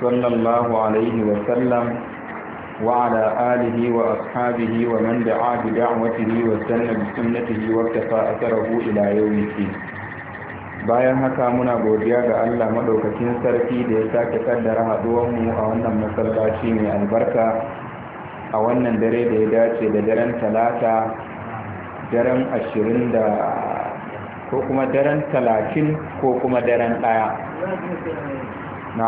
صلى الله عليه وسلم وعلى آله وأصحابه ومن دعا بدعوته وسن بسنته واكتفى أثره إلى يوم الدين bayan haka muna godiya ga Allah madaukakin sarki da ya sake kaddara haduwanmu a wannan masallaci mai albarka a wannan dare da ya dace da daren talata daren ashirin da ko kuma daren talatin ko kuma daren ɗaya yau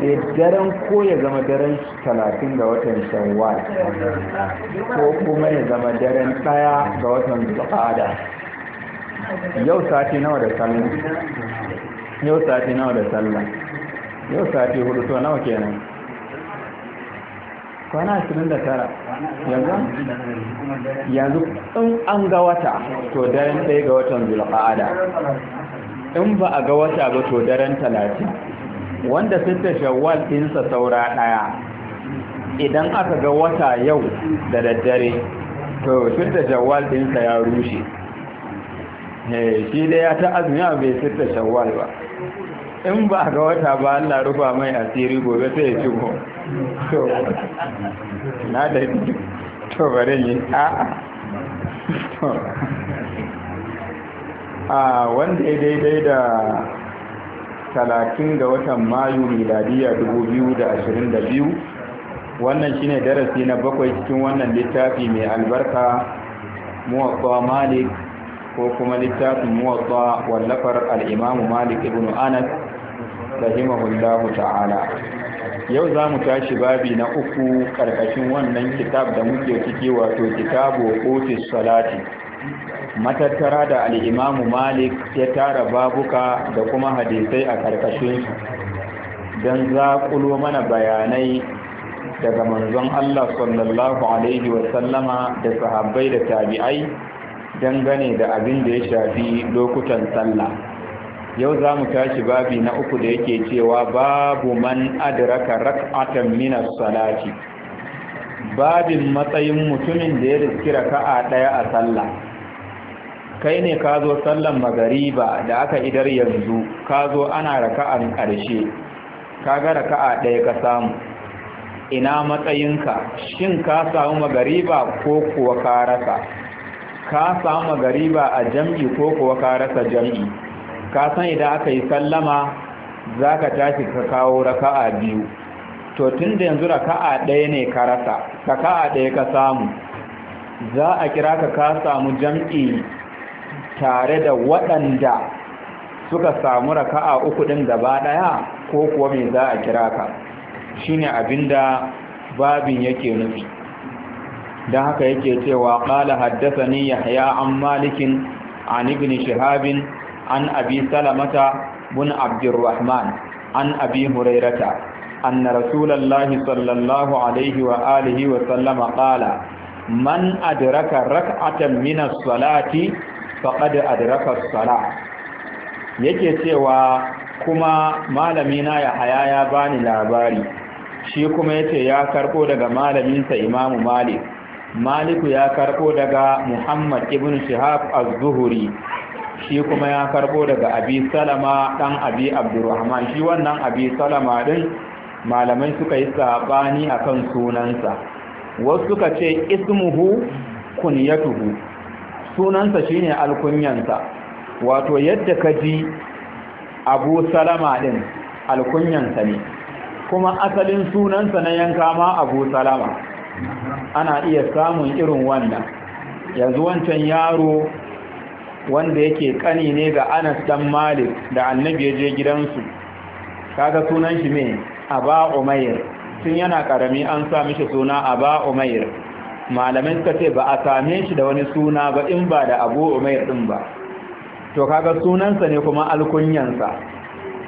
da daren ko ya zama daren talatin ga watan shawar ko kuma ya zama daren ɗaya ga watan tsada yau sati nawa da sallah yau sati nawa da sallah yau sati hudu to nawa kenan kwana shirin da tara yanzu in an ga wata to daren ɗaya ga watan zulqa'ada in ba a ga wata ba to daren talatin wanda sitta shawwal ɗinsa saura ɗaya idan aka ga wata yau da daddare to sitta shawwal sa ya rushe eh, shi da ya ta azumi a bai sitta shawwal ba in ba ga wata ba Allah rufa mai asiri gobe sai ya shigo to na da to bari yi a'a a a wanda ya daidai da talatin ga watan mayu miladiya biyu, wannan shine darasi na bakwai cikin wannan littafi mai albarka muwatsa malik ko kuma littafin muwatsa wallafar al'imamu malik ibn anas rahimahullahu ta'ala yau za mu tashi babi na uku ƙarƙashin wannan kitab da muke ciki wato kitabu otis salati matattara da al'imamu malik ya tara babuka da kuma hadisai a ƙarƙashinsu. don zaƙulo mana bayanai daga manzon Allah sallallahu Alaihi wasallama da sahabbai da tabi'ai dangane da abin da ya shafi lokutan sallah yau za mu tashi babi na uku da yake cewa babu man adraka rak'atan min as-salati babin matsayin mutumin da ya riski raka'a daya a sallah kai ne ka zo sallan magariba da aka idar yanzu ka zo ana raka'an ƙarshe ka ga raka'a ɗaya ka samu ina matsayinka shin ka samu magariba ko kuwa ka rasa ka samu magariba a jam'i ko kuwa ka rasa jam'i ka san idan aka yi sallama za ka tashi ka kawo raka'a biyu to tun da yanzu raka'a ɗaya ne ka rasa raka'a ɗaya ka samu za a kira ka ka samu jam'i tare da waɗanda suka samu raka'a uku ɗin gaba ɗaya ko kuwa mai za a kira ka Shi ne abin da babin yake nufi don haka yake cewa ƙala haddasa ni yahya an malikin an ibn shihabin an abi salamata bin abdurrahman an abi hurairata anna rasulallahi sallallahu alaihi wa alihi wa sallama qala man adraka rak'atan min as-salati faqad adraka as-salah yake cewa kuma malami na ya haya ya bani labari shi kuma yace ya karbo daga malaminsa imamu malik maliku ya karbo daga muhammad ibn shihab az-zuhri shi kuma ya karbo daga abi salama dan abi abdurrahman shi wannan abi salama din malamai suka yi sabani akan sunansa wasu suka ce ismuhu kunyatuhu sunansa shine alkunyansa wato yadda ka ji abu salama din alkunyansa ne kuma asalin sunansa na yanka ma abu salama ana iya samun irin wannan yanzu wancan yaro wanda yake kani ne ga Anas dan Malik da Annabi ya je gidansu kaga sunan shi me Aba Umayr tun yana karami an sa mishi suna Aba Umayr malamai ka ce ba a same shi da wani suna ba in ba da Abu Umayr din ba to kaga sunansa ne kuma alkunyansa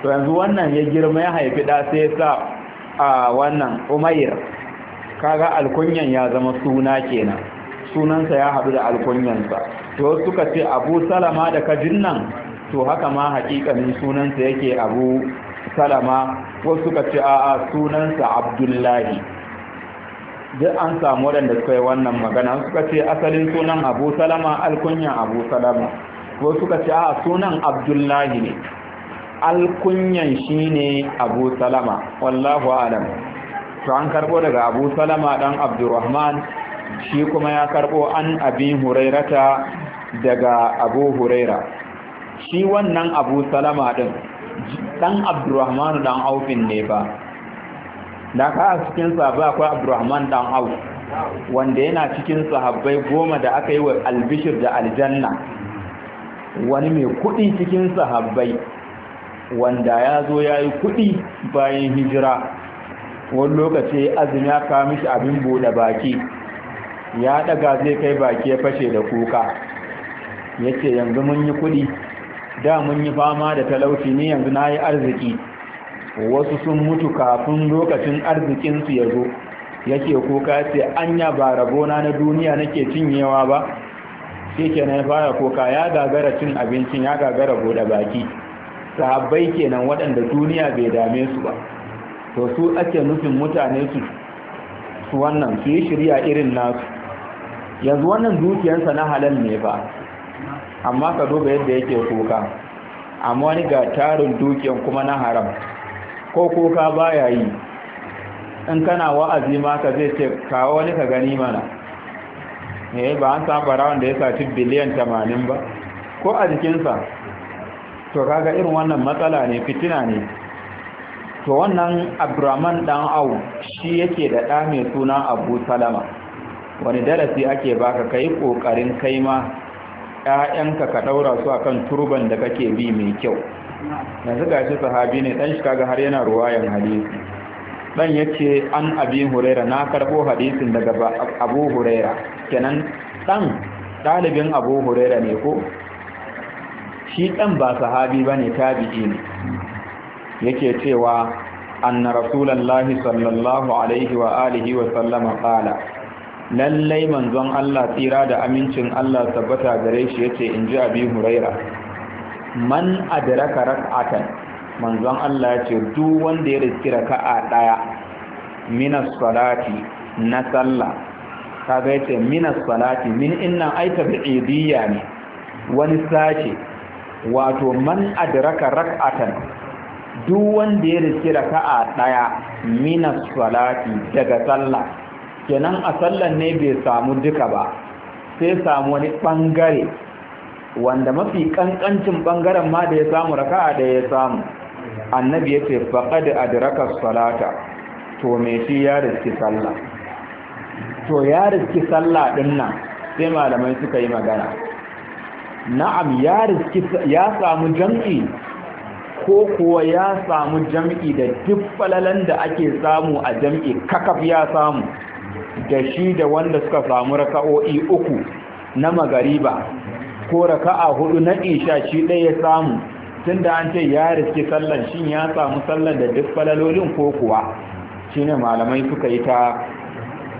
to yanzu wannan ya girma ya haifi da sai sa a wannan Umayr kaga alkunyan ya zama suna kenan sunansa ya haɗu da alkunyansa to suka ce abu salama da kajin nan to haka ma hakikanin sunansa yake abu salama wasu suka ce a sunansa abdullahi duk an samu waɗanda suka yi wannan magana suka ce asalin sunan abu salama alkunyan abu salama wasu suka ce a sunan abdullahi ne alkunyan shi ne abu salama wallahu alam to an karɓo daga abu salama ɗan abdurrahman shi kuma ya karɓo an abin hurairata daga abu huraira shi wannan abu salama din dan abdurrahman dan aufin ne ba da ka a cikin sahabbai akwai abdurrahman dan auf wanda yana cikin sahabbai goma da aka yi wa albishir da aljanna wani mai kudi cikin sahabbai wanda ya zo ya yi kudi bayan hijira wani lokaci azumi ya kawo mishi abin bude baki ya daga zai kai baki ya fashe da kuka yace yanzu mun yi kuɗi da mun yi fama da talauci ne yanzu na yi arziki wasu sun mutu kafin lokacin arzikinsu ya zo yake kuka ce anya ba rabona na duniya nake cinyewa ba shi kenan ya fara kuka ya gagara cin abincin ya gagara bude baki sahabbai kenan waɗanda duniya bai dame su ba to su ake nufin mutane su su wannan su yi shirya irin nasu yanzu wannan dukiyarsa na halal ne ba amma ka duba yadda yake kuka amma wani ga tarin dukiyan kuma na haram ko kuka baya yi in kana wa'azi ma ka zai ce kawo wani ka gani mana ne eh, ba an samu barawan da ya saci biliyan tamanin ba ko a jikinsa to kaga irin wannan matsala ne fitina ne to wannan abdurrahman dan au shi yake da ɗa mai suna abu salama wani darasi ake baka ka yi ƙoƙarin kai ma Ya'yanka ka ɗaura su akan turban da kake bi mai kyau yanzu shi sahabi ne dan shi kaga har yana ruwayan hadisi dan yace an abi huraira na karɓo hadisin daga abu huraira kenan dan dalibin abu huraira ne ko shi ɗan ba sahabi bane tabi'i ne yake cewa anna rasulullahi sallallahu alaihi wa alihi wa sallama qala lallai manzon Allah tsira da amincin Allah tabbata gare shi yace in ji abi huraira man adraka rak'atan manzon Allah yace duk wanda ya riski raka'a daya minas salati na sallah kaga yace minas salati min inna aita idiya ne wani sace wato man adraka rak'atan duk wanda ya riski raka'a daya minas salati daga sallah kenan a sallan ne bai samu duka ba sai samu wani bangare wanda mafi kankancin bangaren ma da ya samu raka'a da ya samu annabi ya ce faqad adraka salata to me shi ya riski sallah to ya riski sallah din nan sai malamai suka yi magana na'am ya riski ya samu jam'i ko kuwa ya samu jam'i da duk falalan da ake samu a jam'i kakaf ya samu da shi da wanda suka samu raka'o'i uku na magariba ko raka'a hudu na isha shi ɗaya ya samu tun da an ce ya riske sallan shin ya samu sallan da duk falalolin ko kuwa shi ne malamai suka yi ta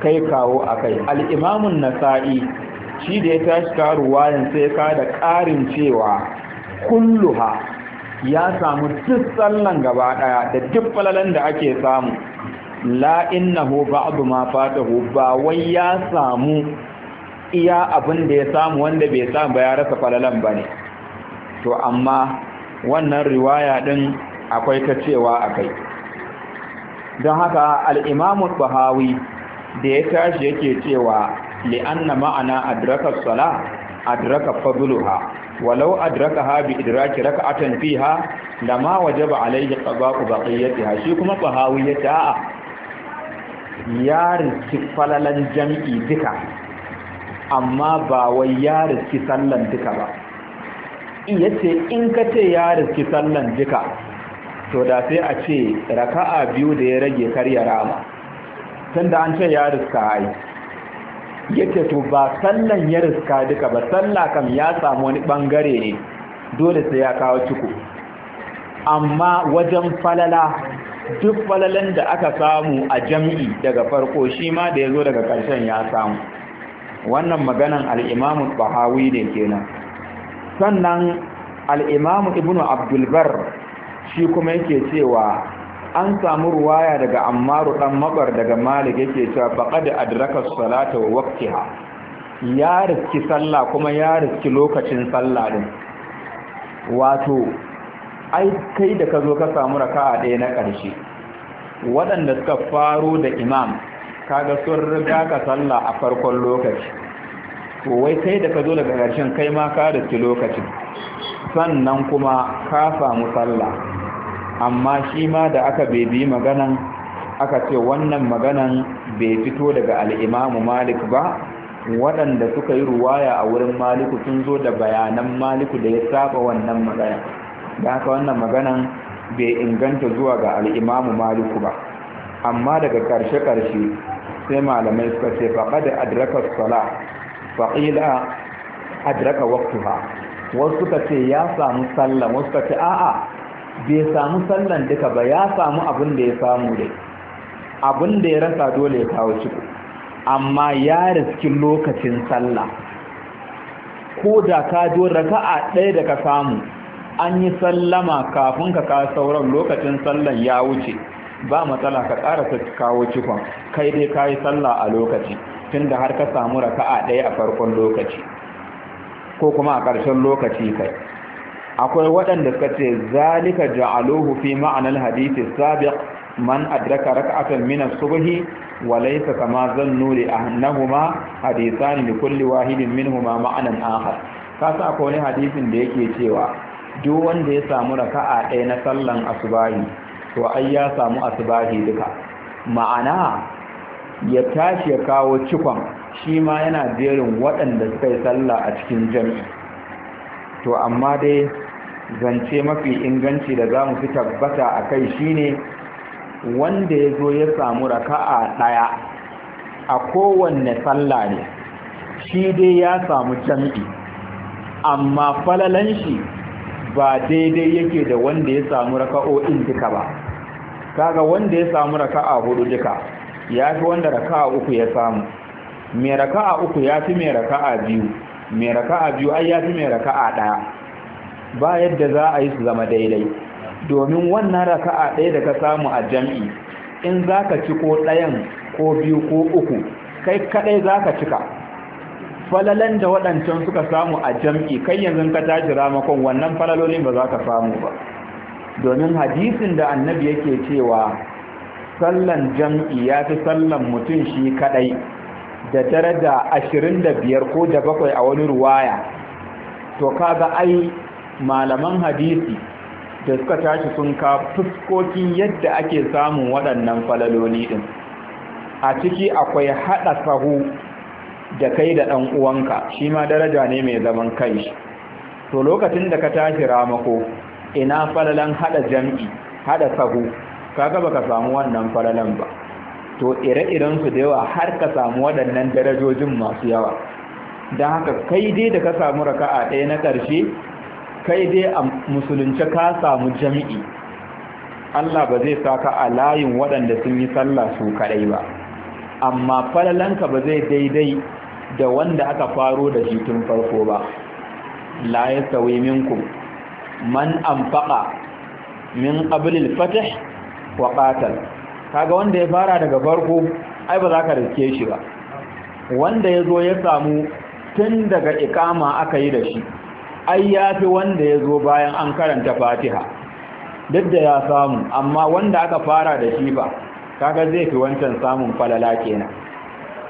kai kawo a kai al'imamun nasa'i shi da ya tashi karuwa yin sai ka da ƙarin cewa kulluha ya samu duk sallan gaba ɗaya da duk falalan da ake samu la innahu ba'du ma fatahu ba wai ya samu iya abin da ya samu wanda bai samu ba ya rasa falalan bane to amma wannan riwaya din akwai ta cewa akai don haka al-Imam bahawi da ya tashi yake cewa li'anna ma'ana adraka sala adraka fadluha walau ha bi idraki raka'atan fiha lama wajaba alayhi qada'u baqiyatiha shi kuma Bahawi ya ta'a ya riski falalan jami'i duka amma ba wai ya riski sallan duka ba iya ce in ka ce ya riski sallan duka to da sai a ce raka'a biyu da ya rage karya rama tun da an ce ya riska ai yake to ba sallan ya riska duka ba sallah kam ya samu wani bangare ne dole sai ya kawo ciku amma wajen falala duk falalan da aka samu a jam'i daga farko shi ma da ya zo daga ƙarshen ya samu wannan maganan al'imamu bahawi ne kenan sannan al'imamu ibnu abdulbar shi kuma yake cewa an samu ruwaya daga ammaru ɗan maɓar daga malik yake cewa faƙa da adraka salata wa waktiha ya riski sallah kuma ya riski lokacin sallah din wato ai kai da ka zo ka samu raka'a ɗaya na ƙarshe waɗanda suka faro da imam kaga sun riga ka sallah a farkon lokaci to wai kai da ka zo daga ƙarshen kai ma ka da lokacin sannan kuma ka samu sallah amma shi ma da aka bebi maganan aka ce wannan maganan bai fito daga al'imamu malik ba waɗanda suka yi ruwaya a wurin maliku sun zo da bayanan maliku da ya saba wannan magana da haka wannan maganan bai inganta zuwa ga al'imamu maliku ba amma daga ƙarshe-ƙarshe sai malamai suka ce faɗa da adraka sala faƙila adraka ba wasu suka ce ya samu sallan wasu suka ce a'a bai samu sallan duka ba ya samu abin da ya samu dai abin da ya rasa dole ya kawo ciko amma ya riski lokacin sallah ko da ka zo raka'a ɗaya da ka samu an yi sallama kafin ka kawo sauran lokacin sallan ya wuce ba matsala ka karasa kawo cikon kai dai ka yi sallah a lokaci tunda har ka samu raka a ɗaya a farkon lokaci ko kuma a ƙarshen lokaci kai akwai waɗanda suka ce zalika ja'aluhu fi ma'anar hadisi sabiq man adraka raka'atan min as-subhi wa laysa kama zannu li annahuma hadithan li kulli wahidin minhumama ma'anan akhar kasa akwai wani hadisin da yake cewa duk wanda ya samu raka'a ɗaya na sallan asubahi to ai ya samu asubahi duka ma'ana ya tashi ya kawo cikon shi ma yana jerin waɗanda suka yi sallah a cikin jami'i to amma dai zance mafi inganci da za mu fi tabbata a kai shine wanda ya zo ya samu raka'a ɗaya a kowanne sallah ne shi dai ya samu jami'i amma falalan shi ba daidai yake da wanda ya samu raka'o'in duka ba kaga wanda ya samu raka'a hudu duka ya fi wanda raka'a uku ya samu mai raka'a uku ya fi mai raka'a biyu mai raka'a biyu ai ya fi mai raka'a ɗaya ba yadda za a yi su zama daidai domin wannan raka'a ɗaya da ka samu a jam'i in zaka ka ci ko ɗayan ko biyu ko uku kai kaɗai za ka cika falalan da waɗancan suka samu a jam'i kai yanzu ka tashi ramakon wannan falalolin ba za ka samu ba domin hadisin da annabi yake cewa sallan jam'i ya fi sallan mutum shi kaɗai da daraja ashirin da biyar ko da bakwai a wani ruwaya to kaga ai malaman hadisi da suka tashi sun ka fuskokin yadda ake samun waɗannan falaloli ɗin a ciki akwai haɗa sahu da kai da ɗan uwanka shi ma daraja ne mai zaman kai to lokacin da ka tashi ramako ina falalan hada jam'i hada sahu kaga baka samu wannan falalan ba to ire-iren su da yawa har ka samu waɗannan darajojin masu yawa don haka kai dai da ka samu raka'a ɗaya na ƙarshe kai dai a musulunci ka samu jam'i Allah ba zai saka a layin waɗanda sun yi sallah su kaɗai ba amma falalanka ba zai daidai da wanda aka faro da shi tun farko ba la minkum man anfaqa min qablil fath wa qatal kaga wanda ya fara daga farko ai ba za ka riske shi ba wanda ya zo ya samu tun daga ikama aka yi da shi ai ya fi wanda ya zo bayan an karanta fatiha duk da ya samu amma wanda aka fara da shi ba kaga zai fi wancan samun falala kenan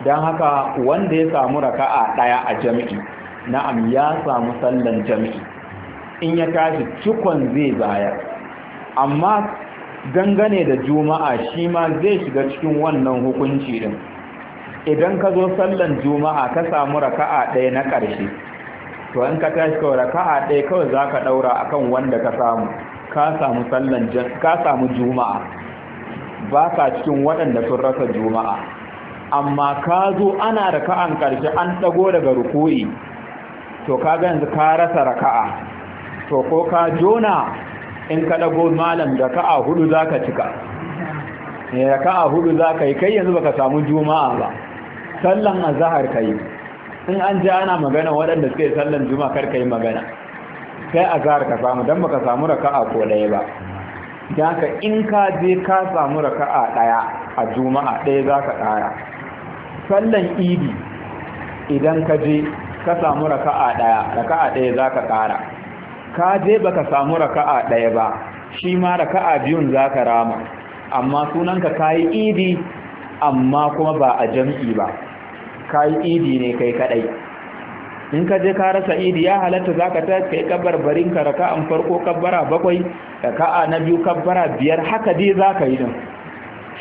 don haka wanda ya samu raka'a daya a jami'i na'am ya samu sallan jami'i in ya tashi cikon zai bayar amma dangane da juma'a shi ma zai shiga cikin wannan hukunci din idan ka zo sallan juma'a ka samu raka'a daya na ƙarshe to in ka tashi kawai raka'a daya kawai za ka ɗaura a kan wanda ka samu ka samu juma'a ba ka cikin waɗanda sun rasa juma'a amma ka zo ana raka'an ƙarshe an ɗago daga ruku'i to ka ga yanzu ka rasa raka'a to ko ka jona in ka ɗago malam da ka'a hudu za ka cika eh, ka'a hudu za ka yi kai yanzu baka samu juma'a ba sallan azahar ka yi in an ji ana magana waɗanda suke sallan juma'a kar ka yi magana sai azahar ka samu don baka samu raka'a ko ɗaya ba don haka in ka je ka samu raka'a ɗaya a juma'a ɗaya za ka ƙara sallan idi idan ka je ka samu raka'a daya raka'a daya zaka kara ka je baka samu raka'a daya ba shi ma raka'a biyun zaka rama amma sunanka kai idi amma kuma ba a jam'i ba kai idi ne kai kadai in ka je ka rasa idi ya halatta zaka ta kai kabbar barin ka raka'an farko kabbara bakwai raka'a na biyu kabbara biyar haka dai zaka yi din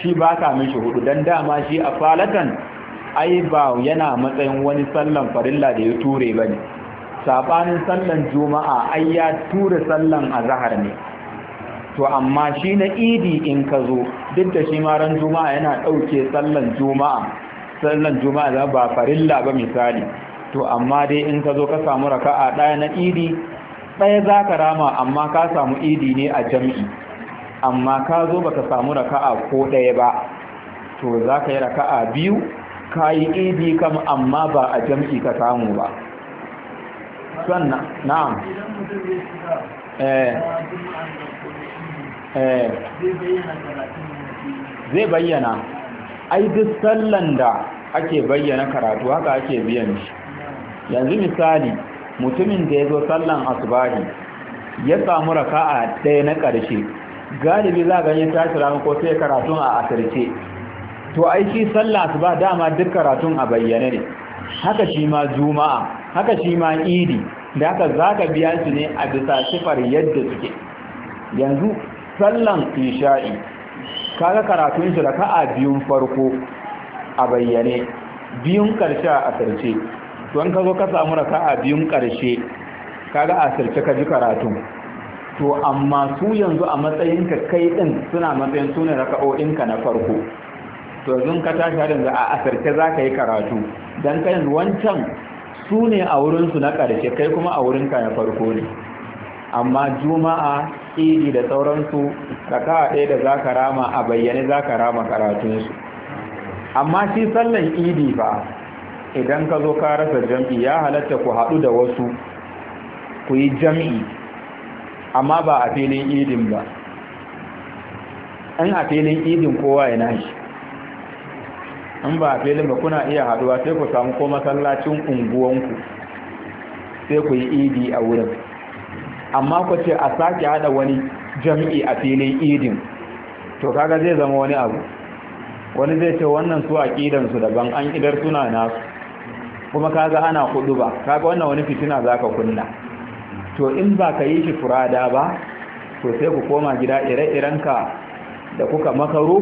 shi ba ka mishi hudu dan dama shi a falatan ai ba yana matsayin wani sallan farilla da ya ture ba ne saɓanin sallan juma'a ai ya ture sallan azahar ne to amma shi na idi in ka zo duk da shi ran juma'a yana ɗauke sallan juma'a sallan juma'a za ba farilla ba misali to amma dai in ka zo ka samu raka'a ɗaya na idi ɗaya za ka rama amma ka samu idi ne a jam'i amma ka zo baka samu raka'a ko ɗaya ba to za ka yi raka'a biyu ka yi idi kam amma ba a jam'i ka samu ba sannan na'am eh, eh zai bayyana ai duk sallan da ake bayyana karatu haka ake biyan shi yanzu misali mutumin da ya zo sallan asubahi ya samu raka'a ɗaya na ƙarshe galibi za a ganye tashi ranar ko sai karatun a asirce to aiki sallah su ba dama duk karatun a bayyane ne haka shi ma juma'a haka shi ma idi da haka za ka biya su ne a bisa sifar yadda suke yanzu sallan isha'i kaga karatun shi raka'a biyun farko a bayyane biyun karshe a asirce to an ka zo ka samu raka'a biyun karshe kaga a asirce ka ji karatun to amma su yanzu a matsayinka kai din suna matsayin sunan raka'o'inka na farko to yanzu ka tashi har yanzu a asarce za ka yi karatu don ka yanzu wancan su ne a wurinsu na ƙarshe kai kuma a wurin ka na farko ne amma juma'a idi da sauransu kawa ɗaya da za ka rama a bayyane za ka rama karatunsu amma shi sallan idi fa idan ka zo ka rasa jam'i ya halatta ku haɗu da wasu ku yi jam'i amma ba a filin idin ba in a filin idin kowa ya nashi in ba a filin ba kuna iya haduwa sai ku samu ko masallacin unguwanku sai ku yi idi a wurin amma ku ce a sake hada wani jami'i a filin idin to kaga zai zama wani abu wani zai ce wannan su kidan su daban an idar suna nasu kuma kaga ana hudu ba kaga wannan wani fitina zaka kunna to in ba ka yi shi furada ba to sai ku koma gida ire-irenka da kuka makaru?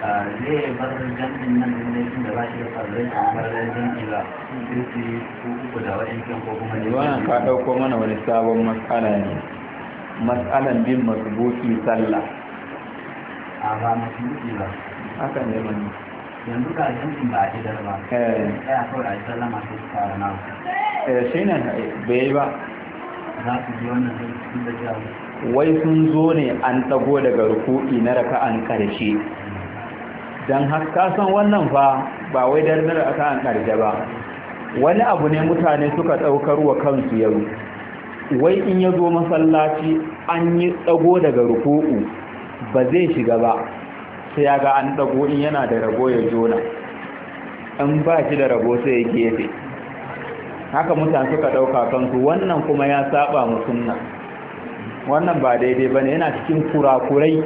zai bar jam'in nan da da ba shi da farzai a amarar jami'i ba sai su yi uku da wa'yancan ko kuma ne wannan ka ɗauko mana wani sabon matsala ne matsalan bin masubuki sallah a ba masubuki ba haka ne mani yanzu ga jam'in ba a idar ba eh ya kawai a yi sallah masu tsara na eh shi ne eh, bai ba za su ji wannan sun da jawo wai sun zo ne an tago daga ruku'i na raka'an karshe don haka wannan fa ba wai dardar a kan ƙarshe ba wani abu ne mutane suka ɗaukar wa kansu yau wai in ya zo masallaci an yi tsago daga ruku'u ba zai shiga ba sai ya ga an ɗago in yana da rago ya jona in ba shi da rago sai ya gefe haka mutane suka ɗauka kansu wannan kuma ya saba mu sunna wannan ba daidai ba ne yana cikin kurakurai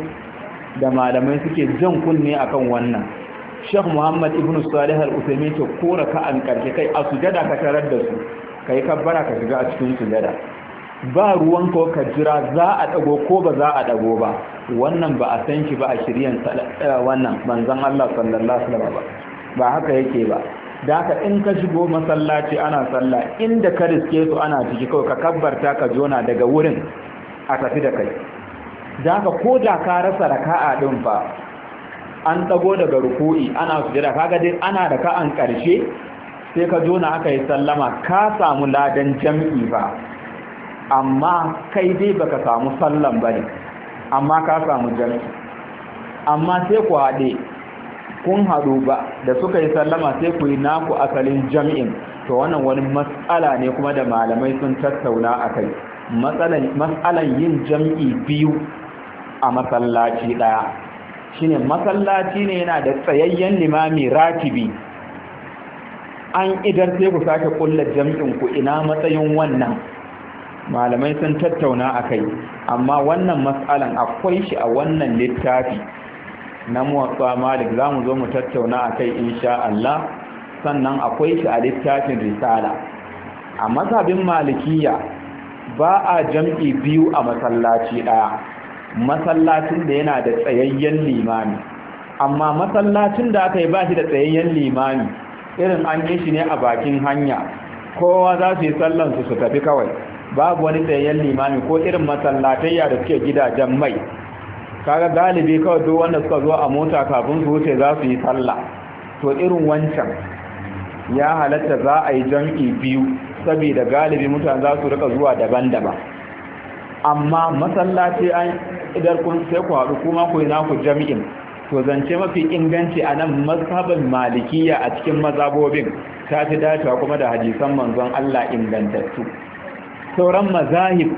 da malamai suke jan kunne akan wannan Sheikh Muhammad Ibn Salih Al-Uthaymeen to kora ka an karke kai a sujada ka tarar da su kai kabbara ka shiga a cikin sujada ba ruwan ko ka jira za a dago ko ba za a dago ba wannan ba a san shi ba a shiryan eh, wannan manzon Allah sallallahu alaihi wasallam ba haka yake ba da haka in ka shigo masallaci ana sallah inda ka riske su ana ciki kawai ka kabbarta ka jona daga wurin a tafi da kai da haka ko da ka rasa raka'a din fa an dago daga ruku'i ana sujada kaga dai ana da raka'an karshe sai ka zo na aka yi sallama ka samu ladan jam'i ba amma kai dai baka samu sallan bane amma ka samu jam'i amma sai ku haɗe kun haɗu ba da suka yi sallama sai ku yi naku asalin jam'in to wannan wani matsala ne kuma da malamai sun tattauna a kai matsalan yin jam'i biyu a masallaci ɗaya shine masallaci ne yana da tsayayyen limami ratibi an idar sai ku sake kulla jam'in ku ina matsayin wannan malamai sun tattauna a kai amma wannan matsalan akwai shi a wannan littafi na muwatsa malik za mu zo mu tattauna a kai insha Allah sannan akwai shi a littafin risala a mazhabin malikiya ba a jam'i biyu a masallaci ɗaya masallacin da yana da tsayayyen limami amma masallacin da aka yi ba shi da tsayayyen limami irin an yi shi ne a bakin hanya kowa za su yi sallansu su tafi kawai babu wani tsayayyen limami ko irin masallatayya da suke gidajen mai kaga galibi kawai duk wanda suka zo a mota kafin su wuce za su yi sallah to irin wancan ya halatta za a yi jam'i biyu saboda galibi mutane za su rika zuwa daban-daban amma masallaci idan kun sai ku haɗu kuma ku na ku jami'in to zance mafi inganci a nan mazhabin malikiya a cikin mazabobin ta fi dacewa kuma da hadisan manzon Allah ingantattu sauran mazahib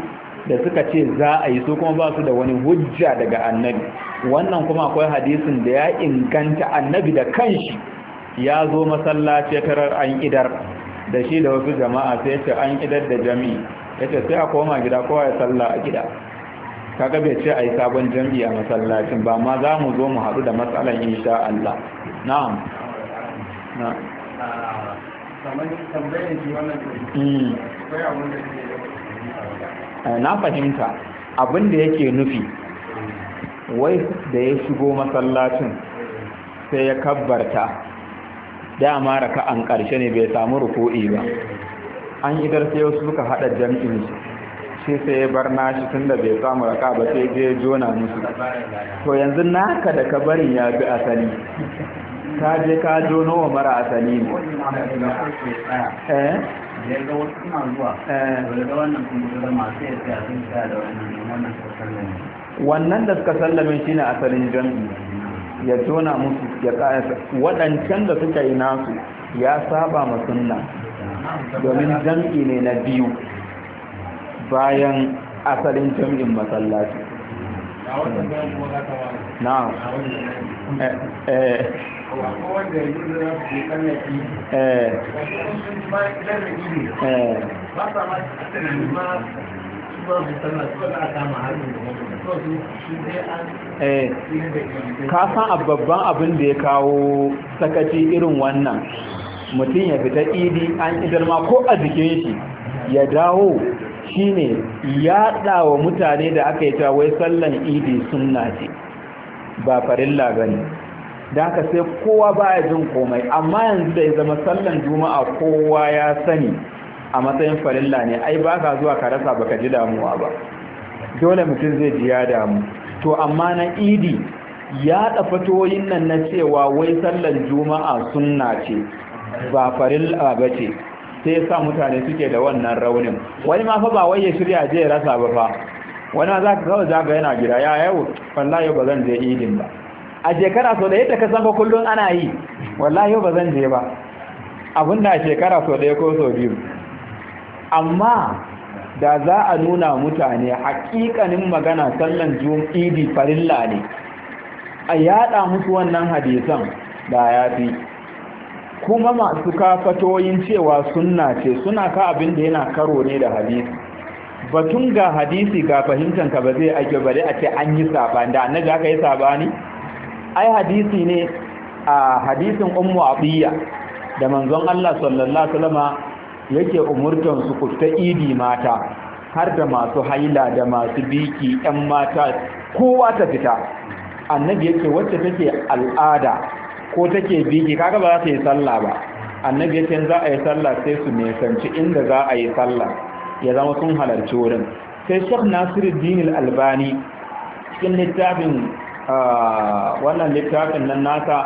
da suka ce za a yi su kuma ba su da wani hujja daga annabi wannan kuma akwai hadisin da ya inganta annabi da kanshi ya zo masallaci tarar an idar da shi da wasu jama'a sai ce an idar da jami'i ya ce sai a koma gida kowa ya salla a gida kaga bai ce a yi sabon jam'i a masallacin ba ma za mu zo mu haɗu da matsalan insha Allah na'am hmm. eh, na fahimta abin da yake nufi wai da ya shigo masallacin sai ya kabbarta dama raka an ƙarshe ne bai samu ruku'i ba an idar sai wasu suka haɗa jam'in shi sai ya bar nashi tun da bai samu raka ba sai je jona musu to yanzu naka da kabarin ya bi asali ka je ka jono wa mara asali ne eh, eh. wannan da suka sallame shi ne asalin jam'i ya tona musu ya ƙayasa waɗancan da suka yi nasu ya saba ma domin jam'i ne na biyu bayan asalin jam'in masallaci na eh, eh. eh. ka san babban abin da ya kawo sakaci irin wannan mutum ya fita idi an idar ma ko a jikin shi ya dawo shine yaɗa wa mutane da aka yi ta wai sallan idi sunna ce ba farilla ba ne da haka sai kowa baya jin komai amma yanzu da ya zama sallan juma'a kowa ya sani a matsayin farilla ne ai ba ka zuwa ka rasa baka ji damuwa ba dole mutum zai ji ya damu to amma na idi ya da fatoyin nan na cewa wai sallan juma'a sunna ce ba farilla ba ce sai ya sa mutane suke da wannan raunin wani ma fa ba wai ya shirya je ya rasa ba fa wani za ka kawai zaga yana gida ya yau wallahi yau ba zan je idin ba a shekara sau da yadda ka san ba kullum ana yi wallahi yau ba zan je ba abin da a shekara sau ɗaya ko sau biyu amma da za a nuna mutane hakikanin magana sallan juma idi farilla ne a yada musu wannan hadisan da ya fi kuma masu kafatoyin cewa sunna ce suna ka abin da yana karo ne da hadisi batun ga hadisi ga fahimtar ka ba zai ake bare a ce an yi saba da annabi aka yi ne ai hadisi ne a hadisin ummu abiya da manzon Allah sallallahu alaihi wasallama yake umurtan su ta idi mata har da masu haila da masu biki 'yan mata kowa ta fita annabi yake wacce take al'ada ko take biki kaga ba za ta yi sallah ba annabi ya ce za a yi sallah sai su nisanci inda za a yi sallah ya zama sun halarci wurin sai shek nasiruddin albani cikin littafin wannan littafin nan nasa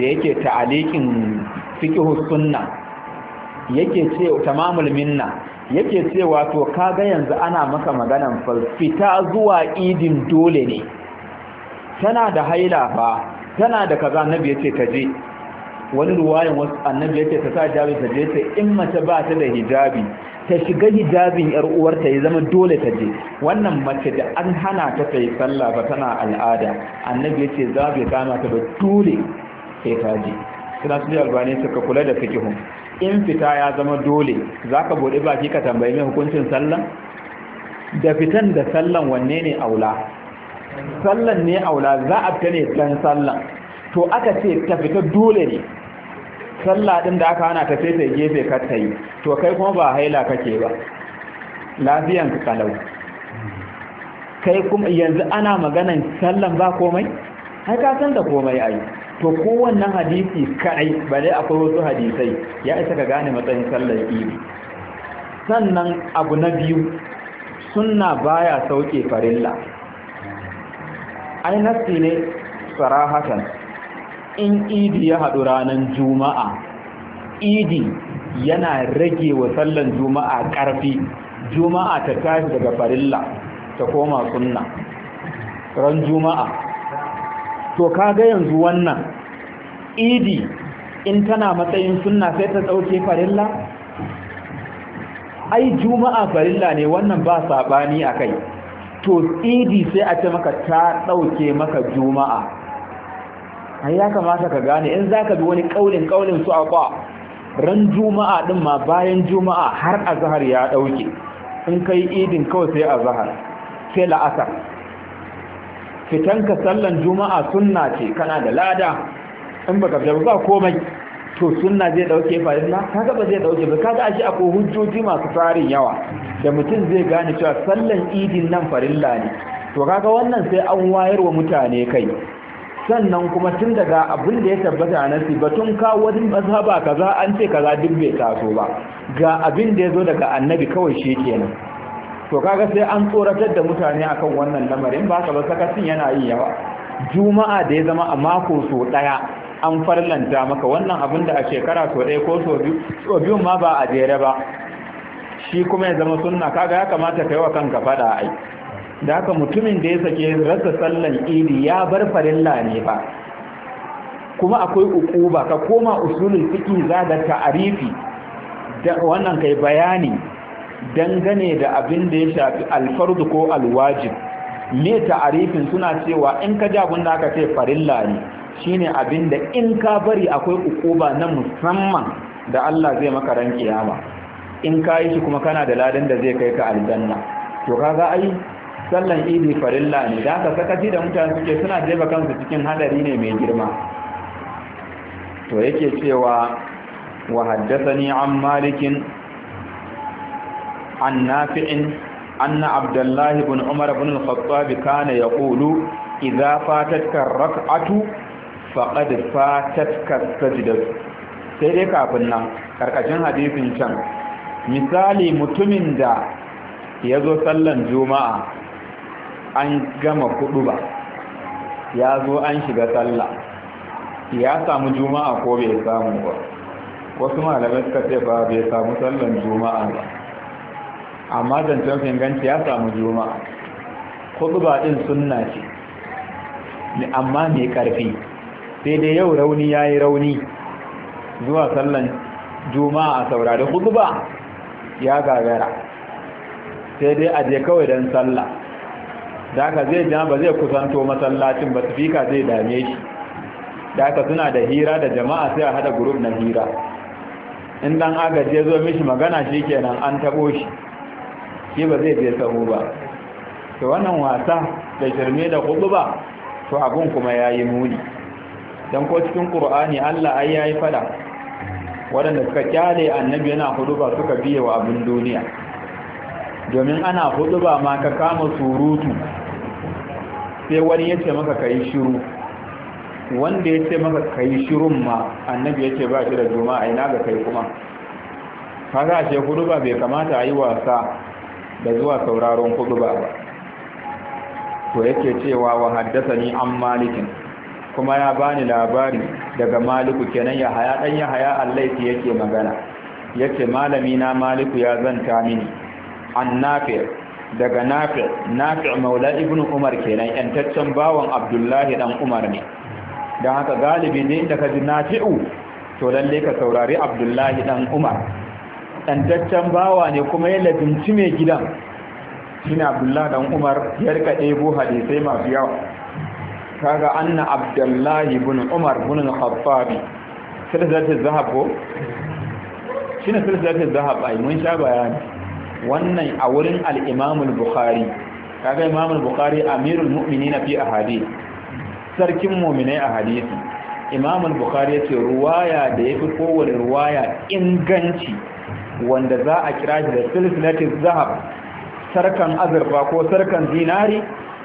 da yake ta'alikin fiqh sunna yake ce tamamul minna yake ce wato kaga yanzu ana maka maganan falsita zuwa idin dole ne tana da haila fa tana da kaza annabi yace ta je wani ruwayan wasu annabi yace ta sa hijabi ta je ta in mace ba ta da hijabi ta shiga hijabin yar uwarta ya zama dole ta je wannan mace da an hana ta ta yi sallah ba tana al'ada annabi yace za bai kama ta ba dole sai ta je suna su albani suka kula da fikihun in fita ya zama dole zaka buɗe baki ka tambayi mai hukuncin sallah da fitan da sallan wanne ne aula sallan ne aula za a fita ne dan sallan to aka ce ta fita dole ne sallah din da aka hana ta fita gefe ka ta yi to kai kuma ba haila kake ba lafiyan ka kalau kai kuma yanzu ana maganan sallan ba komai ai ka san da komai ai to kowannan hadisi kai ba akwai wasu hadisai ya isa ka gane matsayin sallar ibi sannan abu na biyu sunna baya sauke farilla ai nassi ne sarahatan in idi ya haɗu ranan juma'a idi yana rage wa sallan juma'a ƙarfi juma'a ta tashi daga farilla ta koma sunna ran juma'a to kaga yanzu wannan idi in tana matsayin sunna sai ta ɗauke farilla ai juma'a farilla ne wannan ba saɓani a kai to tsidi sai a ce maka ta ɗauke maka juma'a a ya kamata ka gane in za ka bi wani ƙaunin ƙaunin su a ran juma'a ɗin ma bayan juma'a har a zahar ya ɗauke in kai idin kawai sai a zahar sai la'asar fitanka sallan juma'a sunna ce kana da lada in baka fita ba komai to sunna zai dauke farilla kaga ba zai dauke ba kaga shi akwai hujjoji masu tsarin yawa da mutum zai gane cewa sallan idin nan farilla ne to kaga wannan sai an wayar wa mutane kai sannan kuma tun daga abin da ya tabbata na batun kawo wani mazhaba kaza an ce kaza duk bai taso ba ga abin da ya zo daga annabi kawai shi kenan to kaga sai an tsoratar da mutane akan wannan lamarin ba ka ba sakacin yana yin yawa juma'a da ya zama a mako so daya an farlanta maka wannan abin da a shekara so ɗaya ko so biyu ma ba a jere ba shi kuma ya zama sunna kaga ya kamata ka yi wa kanka faɗa ai da haka mutumin da ya sake rasa sallan idi ya bar farilla ne ba kuma akwai ukuba ka koma usulul fiqi za da ta'arifi da wannan kai bayani dangane da abin da ya shafi alfardu ko alwajib me ta'arifin suna cewa in ka ji abin da aka ce farilla ne shine abinda in ka bari akwai ukuba na musamman da Allah zai maka ran kiyama in ka yi shi kuma kana da ladan da zai kai ka aljanna to kaga ai sallan idi farilla ne da haka sakaci da mutane suke suna jefa kansu cikin hadari ne mai girma to yake cewa wa haddathani an malikin an nafi'in anna abdullahi ibn umar ibn al-khattab kana ya idza izafa ar-rak'atu faƙad fatatka sajidar sai dai kafin nan karkashin hadisin can misali mutumin da ya zo sallan juma'a an gama kudu ba ya zo an shiga sallah ya samu juma'a ko bai samu ba wasu malamai suka ce ba bai samu sallan juma'a ba amma zancen ganci ya samu juma'a kudu ba din sunna ce amma mai karfi sai dai yau rauni ya yi rauni zuwa sallan juma'a a saurari ba, ya gagara sai dai a je kawai don salla da aka zai jama'a ba zai kusanto masallacin ba fika zai dame shi da aka suna da hira da jama'a sai a hada gurub na hira in dan agaje zo mishi magana shi kenan an tabo shi shi ba zai je sahu ba to wannan wasa da shirme da hudu ba to abun kuma ya yi muni don ko cikin ƙur'ani Allah ai yayi fada waɗanda suka kyale annabi yana huduba suka biye wa abin duniya domin ana huduba ma ka kama surutu sai wani ya maka ka yi shiru wanda ya ce maka ka yi shirun ma annabi ya ce ba shi da juma'a ina ga kai kuma kaga ce huduba bai kamata a wasa da zuwa sauraron huduba ba to yake cewa wa haddasa ni an malikin kuma ya bani labari daga maliku kenan ya haya dan ya haya allaiti yake magana yace malami na maliku ya zanta mini an nafi daga nafi nafi maula ibnu umar kenan yantaccen bawan abdullahi dan umar ne don haka galibi ne inda ka ji nafi'u to lalle ka saurari abdullahi dan umar yantaccen bawa ne kuma ya labinci mai gidan shine abdullahi dan umar ya rika ɗebo hadisai masu yawa kaga anna abdullahi bin umar bin al-khattabi silsilatul zahab ko shine silsilatul zahab ai mun sha bayani wannan a wurin al-imam al-bukhari kaga imam al-bukhari amirul mu'minin fi ahadith sarkin mu'minai a hadisi imam al-bukhari yace ruwaya da yafi kowace ruwaya inganci wanda za a kira shi da silsilatul zahab sarkan azurfa ko sarkan zinari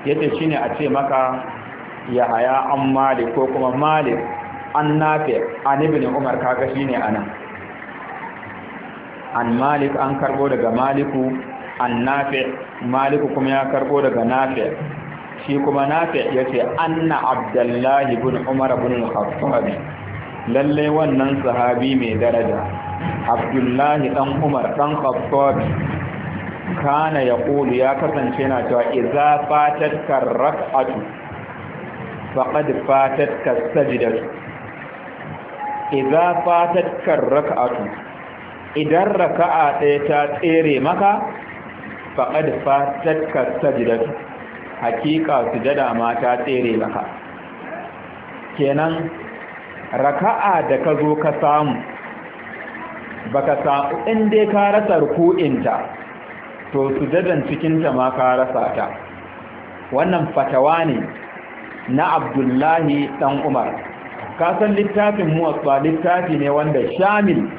yace shine a ce maka yahaya an malik ko kuma malik an nafe an ibn umar kaga shine anan an malik an karbo daga maliku an nafe maliku kuma ya karbo daga nafe. shi kuma nafi yace anna abdullahi ibn umar ibn al-khattab lalle wannan sahabi mai daraja abdullahi dan umar dan khattab kana yaqulu ya kasance na cewa idza fatat karrakatu faqad fatatka sajdatu idza fatatka rak'atu idan raka'a ɗaya ta tsere maka faqad fatatka sajdatu hakika sujada ma ta tsere maka kenan raka'a da ka zo ka samu baka samu inda ka rasa ruku'inta to sujadan cikinta ma ka rasa ta wannan fatawa ne na abdullahi ɗan umar kasan littafin muwatsa littafi ne wanda shamil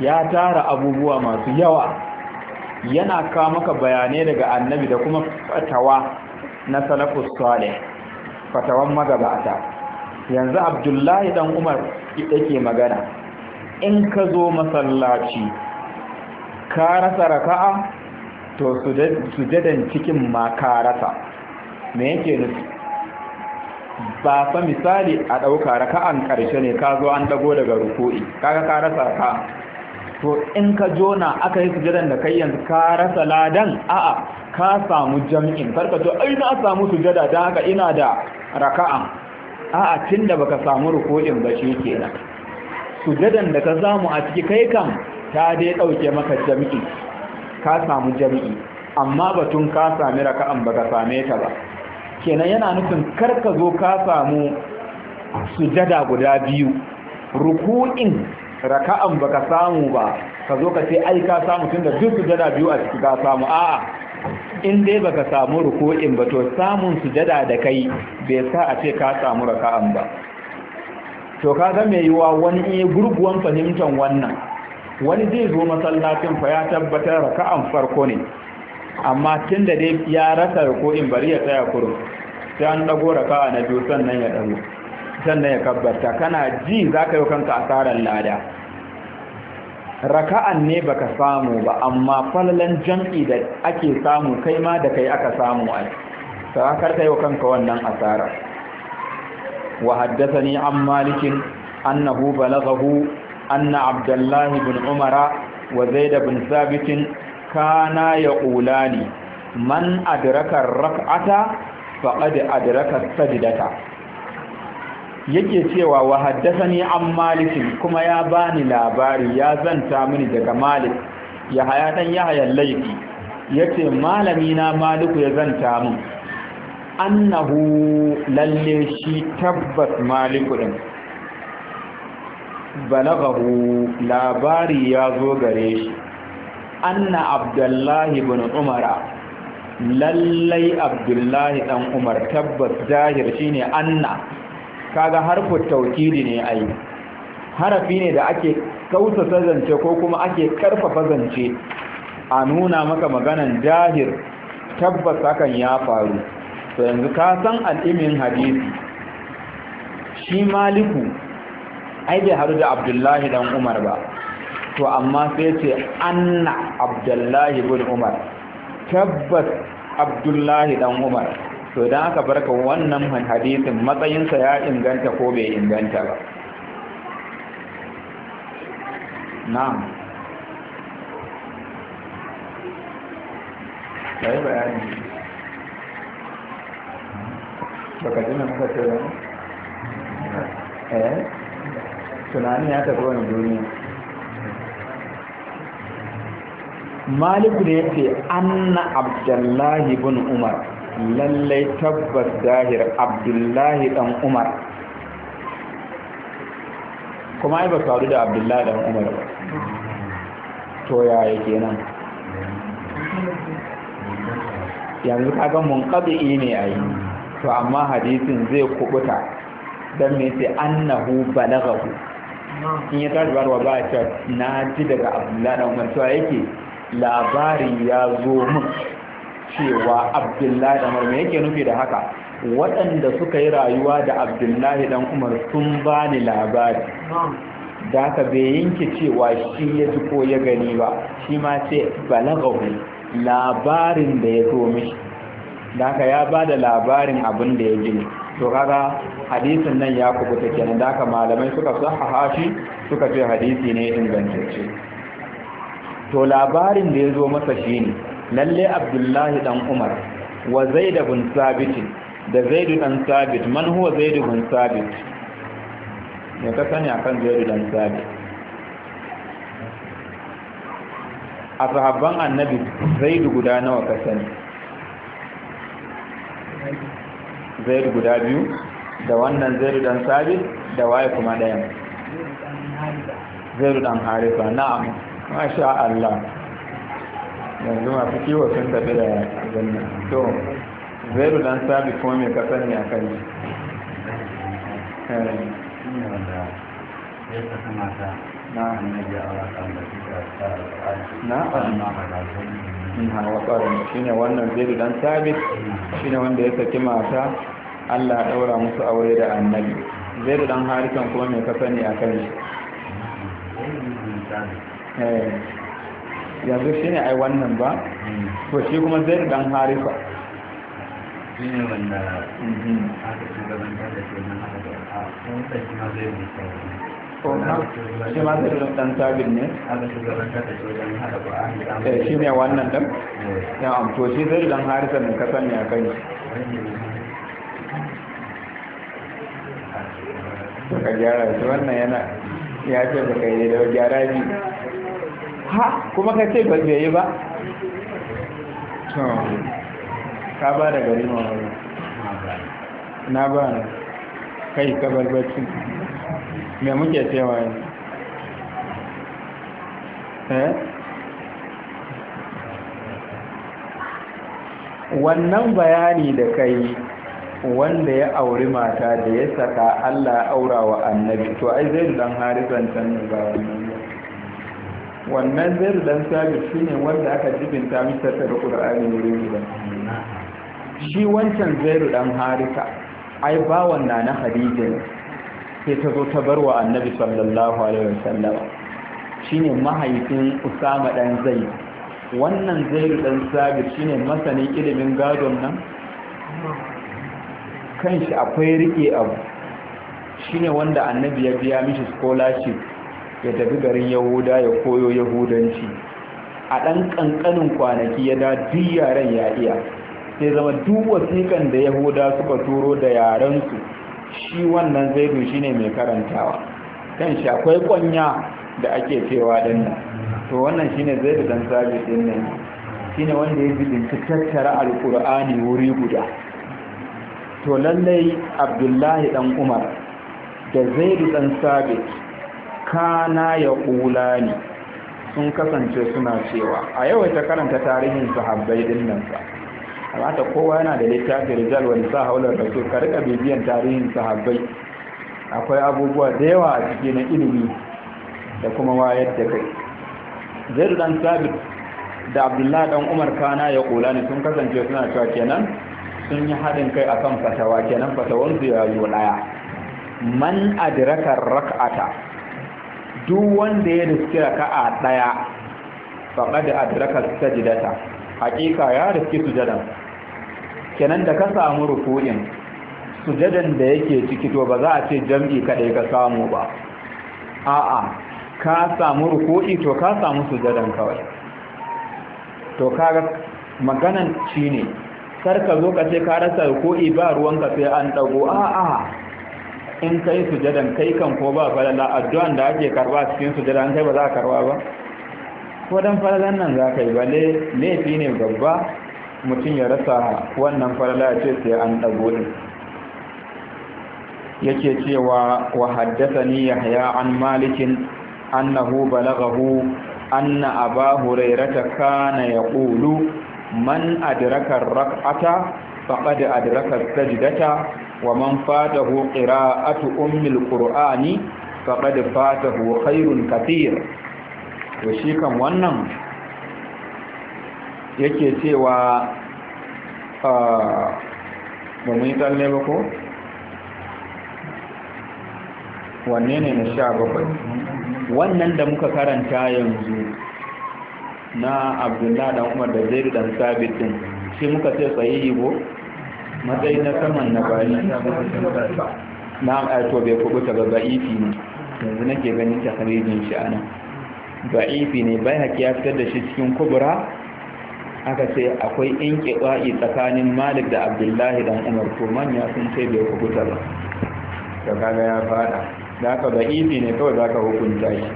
ya tara abubuwa masu yawa yana kawo maka bayanai daga annabi da kuma fatawa na salafus salih fatawan magabata yanzu abdullahi dan umar yake magana in ka zo masallaci ka rasa raka'a to sujadan cikin ma ka rasa me yake nufi ba fa misali a ɗauka raka'an ƙarshe ne ka zo an dago daga ruku'i kaga ka rasa ka to in ka jona aka yi sujadan da kai yanzu ka rasa ladan a'a ka samu jam'in farka to ai na samu sujada dan haka ina da raka'an a'a tunda baka samu ruku'in ba shi kenan sujadan da ka samu a ciki kai kan ta dai ɗauke maka jam'i ka samu jam'i amma batun ka sami raka'an baka same ta ba kenan yana nufin karka zo ka samu sujada guda biyu ruku'in raka'an baka samu ba ka zo ka ce ai ka samu tunda duk sujada biyu a ciki ka samu a'a in dai baka samu ruku'in ba to samun sujada da kai bai sa a ce ka samu raka'an ba to ka ga mai yiwa wani gurguwan fahimtar wannan wani zai zo masallacin fa ya tabbatar raka'an farko ne amma tun da dai ya rasa in bari ya tsaya kurum sai an dago raka'a na biyu sannan ya dago sannan ya kabbarta kana ji za ka yi kanka asarar lada raka'an ne baka samu ba amma falalan jam'i da ake samu kai ma da kai aka samu ai sai ka yi kanka wannan asara wa haddathani an malikin annahu balaghahu anna Abdullahi bin umara wa zaid ibn kana ya ƙulani man adraka rak'ata faqad adraka sajdata yake cewa wa ni an malik kuma ya bani labari ya zanta mini daga malik ya haya dan hayan laifi yace malami na maliku ya zanta min annahu lalle shi tabbas maliku din balaghahu labari ya zo gare shi anna abdullahi bin umara lallai abdullahi dan umar tabbas zahir shine anna kaga harfu tawkidi ne ai harafi ne da ake kautata zance ko kuma ake karfafa zance a nuna maka maganan zahir tabbas hakan ya faru to yanzu ka san al'imin hadisi shi maliku ai bai haru da abdullahi dan umar ba to amma sai ce anna abdullahi bin umar tabbas abdullahi dan umar to dan aka barka wannan hadisin matsayinsa ya inganta ko bai inganta ba na'am sai bayani baka eh tunani ya tafi wani duniya maliku ne ce, anna abdullahi bin umar lallai tabbas zahir abdullahi dan umar kuma ai ba faru da abdullahi dan umar ba to ya yaya kenan yanzu kaga munqadi ne ayi to amma hadisin zai kubuta dan me sai annahu balaghahu in ya tarbarwa ba ta ji daga abdullahi dan umar to yake labari ya zo min cewa abdullahi da marmai yake nufi da haka waɗanda suka yi rayuwa da abdullahi dan umar sun ba ni labari da ka bai yanke cewa shi ya ji ko ya gani ba shi ma ce balagahu labarin da ya zo mishi da ka ya ba da labarin abin da ya ji to kaga hadisin nan ya kubuta kenan da ka malamai suka sahaha shi suka ce hadisi ne ingantacce to labarin da ya zo masa shi ne lalle abdullahi dan umar wa zaid bin sabit da zaid dan sabit man huwa zaid bin sabit ne ka sani akan zaid dan sabit a sahabban annabi zaid guda nawa ka sani zaid guda biyu da wannan zaid dan sabit da waye kuma ɗayan zaid dan harifa na'am masha Allah yanzu masu kiwo sun tafi da zanna to zairu dan sabi kuma mai kasar ne a kan shi eh. na wasarin shi ne wannan zai dan sabi shi ne wanda ya saki mata Allah daura musu aure da annabi zai dan harikan kuma mai kasar ne a kan shi Eh. yanzu shi ne ai wannan ba hmm. to shi kuma zai ɗan harifa shi ne wanda mhm. aka da da a zai ɗan ne da eh, shi ne wannan eh. shi zai harifa ne ka a kai ka gyara shi wannan yana ya ce ka yi da gyara biyu ha kuma ka ce ba zai yi ba ka ba da gari ma wani na ba na kai ka barbacin me muke cewa yi eh? wannan bayani da kai wanda ya auri mata da ya saka Allah aura wa annabi to ai zai dan harisan can ba wannan wannan zai dan sabir shi ne wanda aka jibinta mista ta da ƙura'ani wurin gidan shi wancan zairu dan harika ai bawan na na hadija ne sai ta zo ta bar wa annabi sallallahu alaihi wasallam ne mahaifin usama dan zai wannan zairu dan shi ne masanin ilimin gadon nan kanshi akwai rike abu Shi ne wanda annabi ya biya mishi scholarship ya tafi garin yahuda ya koyo yahudanci a ɗan ƙanƙanin kwanaki ya da duk yaren ya iya sai zama duk wasiƙan da yahuda suka turo da yarensu shi wannan zaidu shi ne mai karantawa kan shi akwai ƙwanya da ake cewa ɗin nan to wannan shi ne zaidu ɗan sabis ɗin nan shi ne wanda ya bibinci tattara alƙur'ani wuri guda to lallai abdullahi ɗan umar da zaidu ɗan sabis kana ya ne sun kasance suna cewa a yawaita karanta tarihin sahabbai din nan fa kowa yana da littafin rijal wani sa haular da ka rika bibiyan tarihin sahabbai akwai abubuwa da yawa a ciki na ilimi da kuma wayar da kai zai dan sabit da abdullah dan umar kana ya kula ne sun kasance suna cewa kenan sun yi haɗin kai akan fatawa kenan fatawun su ya ɗaya man adraka rak'ata duk wanda ya riski ɗaya daya da adraka sajdata hakika ya riski sujadan kenan da ka samu ruku'in sujadan da yake ciki to ba za a ce jam'i kaɗai ka samu ba a'a ka samu ruku'i to ka samu sujadan kawai to maganan shine kar Sarka zo ka ce ka rasa ruku'i ba ruwanka sai an dago a'a in kai sujadan kai kan ko ba falala addu'an da ake karba cikin sujadan kai ba za ka karba ba ko dan falalan nan za ka yi ba laifi ne babba mutum ya rasa wannan falala ce sai an dago ne yake cewa wa haddathani yahya an malikin annahu balaghahu anna aba hurairata kana yaqulu man adraka ar-rak'ata faqad adraka as-sajdata wa man قراءة أم ummil فقد فاته خير كثير katir موانا shi kan wannan yake cewa ba mu yi ne na sha bakwai wannan da muka karanta yanzu na abdullahi dan umar da zai dan sabit din shi muka ce tsayi bo. matsayi na saman na bayi na aito bai kubuta ba ba'ifi ne yanzu nake ganin ta takarijin shi ana ba'ifi ne bai haƙi ya fitar da shi cikin kubura aka ce akwai inke ƙwa'i tsakanin malik da abdullahi dan umar ko manya sun ce bai kubuta ba da kaga ya fada da aka ba'ifi ne kawai za ka hukunta shi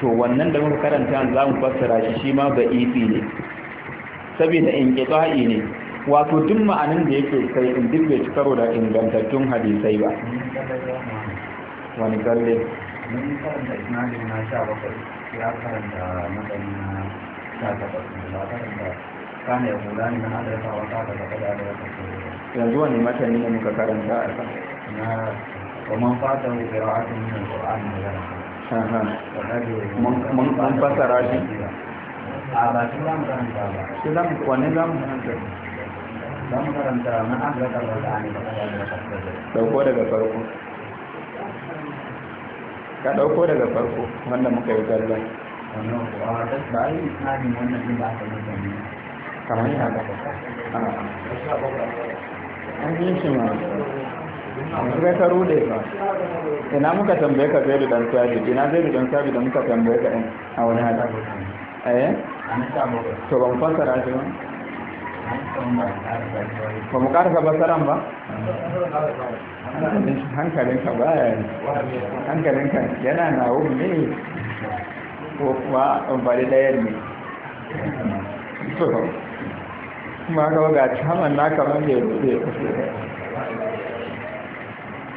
to wannan da muka karanta za mu fassara shi shi ma ba'ifi ne saboda inke ƙwa'i ne wato duk ma'anin da yake kai in duk bai ci karo da ingantattun hadisai ba wani kalle mun karanta na sha bakwai ya karanta na sha Ya karanta kula ne na daga da yanzu wani matani ne muka karanta a kan na kuma fata da qira'atin min alquran ne da mun an fasara shi a ba shi zamu karanta ba zamu don na ɗauko daga farko ka ɗauko daga farko wanda muka yi ba a yi ba an yi shi ma kai ba ina muka tambaye ka zai dan sabi ina zai dan sabi da muka tambaye ka a wani haka eh to ban fasara shi ba ba mu karasa basaran ba hankalinka ba hankalinka yana na ne ko kuma amfani ɗayan ne so kuma ga ga caman na kamar da ya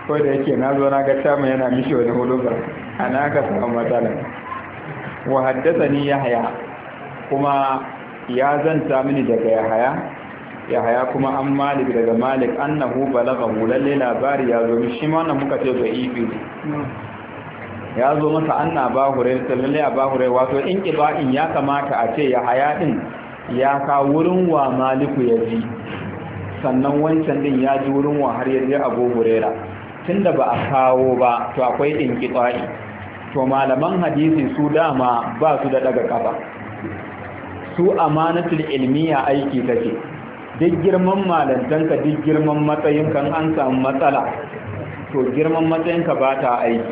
ko da yake na zo na ga caman yana mishi wani hudu ba a na aka samu matsala wa haddasa ni ya haya kuma ya zanta mini daga yahaya yahaya kuma an malik daga malik annahu balaghahu lalle labari ya zo shi ma wannan muka ce ga ya zo masa anna ba hure lalle ba hure wato in kiba'in ya kamata a ce yahaya ɗin? ya ka wurin wa maliku ya ji sannan wancan ɗin ya ji wurin wa har ya abu hurera tunda ba a kawo ba to akwai in to malaman hadisi su dama ba su da daga kafa su amanatul ilmiya aiki take duk girman malantanka duk girman matsayinka an samu matsala to girman matsayinka ba ta aiki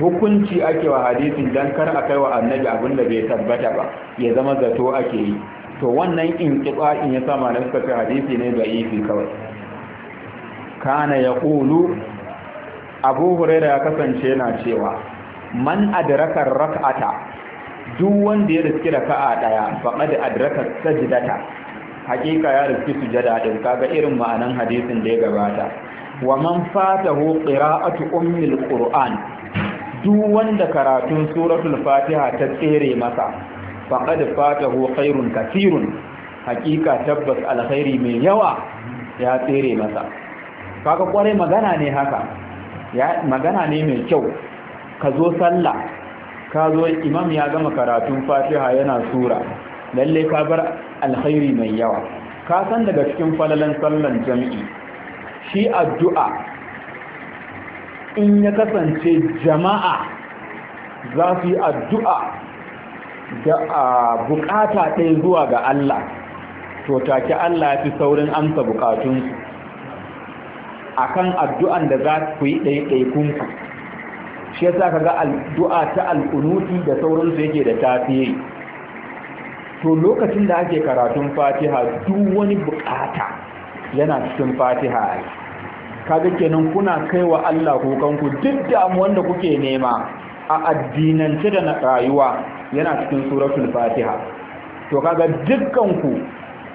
hukunci ake wa hadisi dan kar a kai wa annabi abin da bai tabbata ba ya zama zato ake yi to wannan in in ya sama na suka ce hadisi ne da ifi kawai kana ya kulu abu huraira ya kasance yana cewa man adrakar rak'ata duk wanda ya da raka'a daya faqad adraka sajdata hakika ya riski sujada din kaga irin ma'anan hadisin da ya gabata wa man fatahu qira'atu ummil qur'an duk wanda karatun suratul fatiha ta tsere masa faqad fatahu khairun kathirun hakika tabbas alkhairi mai yawa ya tsere masa kaga kwarai magana ne haka ya magana ne mai kyau ka zo sallah ka zo imam ya gama karatun fatiha yana sura lalle ka bar alkhairi mai yawa ka san daga cikin falalan sallan jami'i shi addu'a in ya kasance jama'a za su yi addu'a da bukata ɗaya zuwa ga Allah to take Allah ya fi saurin amsa bukatunsu akan addu'an da za ku yi ɗaiɗaikunku shi yasa kaga addu'a ta al-qunuti da sauran su yake da tafiye to lokacin da ake karatun fatiha duk wani bukata yana cikin fatiha kaga kenan kuna kaiwa Allah kokanku duk damuwan wanda kuke nema a addinance da na rayuwa yana cikin suratul fatiha to kaga dukkanku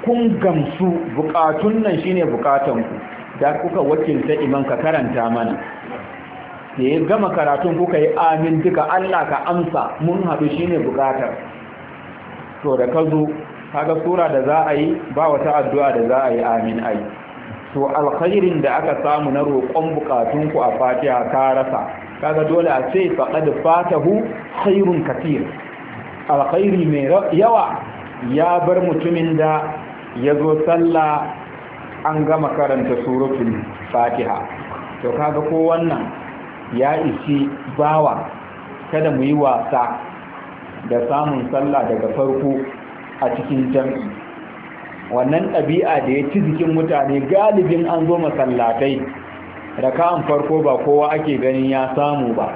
kun gamsu bukatun nan shine bukatanku da kuka wakilta iman ka karanta mana da ya gama karatun kuka yi amin duka Allah ka amsa mun haɗu shi ne bukatar to da ka zo kaga sura da za a yi ba wata addu'a da za a yi amin ai to alkhairin da aka samu na roƙon ku a fatiha ka rasa kaga dole a ce faqad fatahu khairun katir alkhairi mai yawa ya bar mutumin da ya zo sallah an gama karanta suratun fatiha to kaga ko wannan ya ishi bawa kada mu yi wasa da samun sallah daga farko a cikin jam'i wannan ɗabi'a da ya ci jikin mutane galibin an zo masallatai raka'an farko ba kowa ake ganin ya samu ba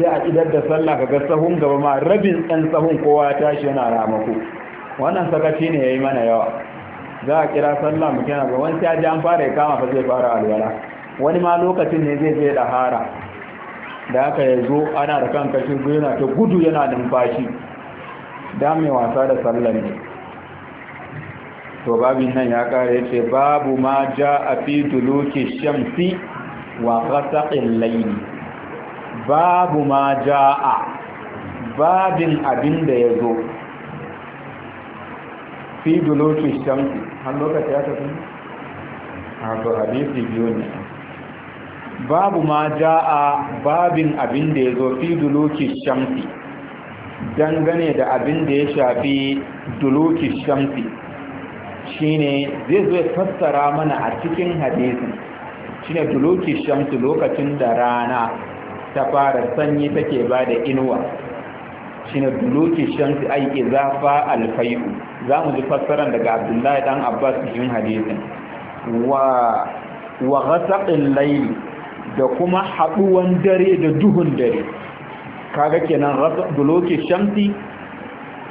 sai a idar da sallah kaga sahun gaba ma rabin ɗan sahun kowa ya tashi yana ramako wannan sakaci ne ya yi mana yawa za a kira sallah mu yana ga wani sai ya an fara ya kama fa zai fara alwala wani ma lokacin ne zai zai ɗahara da aka ya zo ana da kan kashi zo yana ta gudu yana numfashi da mai wasa da sallar ne to babin nan ya kare ce babu ma ja a fi duluki shamsi wa kasaƙin laini babu ma ja a babin abin da ya zo fi duluki shamsi har lokaci ya tafi a to hadisi biyu ne babu ma ja'a babin abin da ya zo fi duluki shamsi dangane da abin da ya shafi duluki shamsi shine zai zo fassara mana a cikin shi shine duluki shamsi lokacin da rana ta fara sanyi take ba da inuwa shine duluki shamsi ai izafa alfayu za mu ji fassaran daga abdullahi dan abbas cikin hadisin wa wa ghasaqil layli da kuma haɗuwan dare da duhun dare kaga kenan duloki shamsi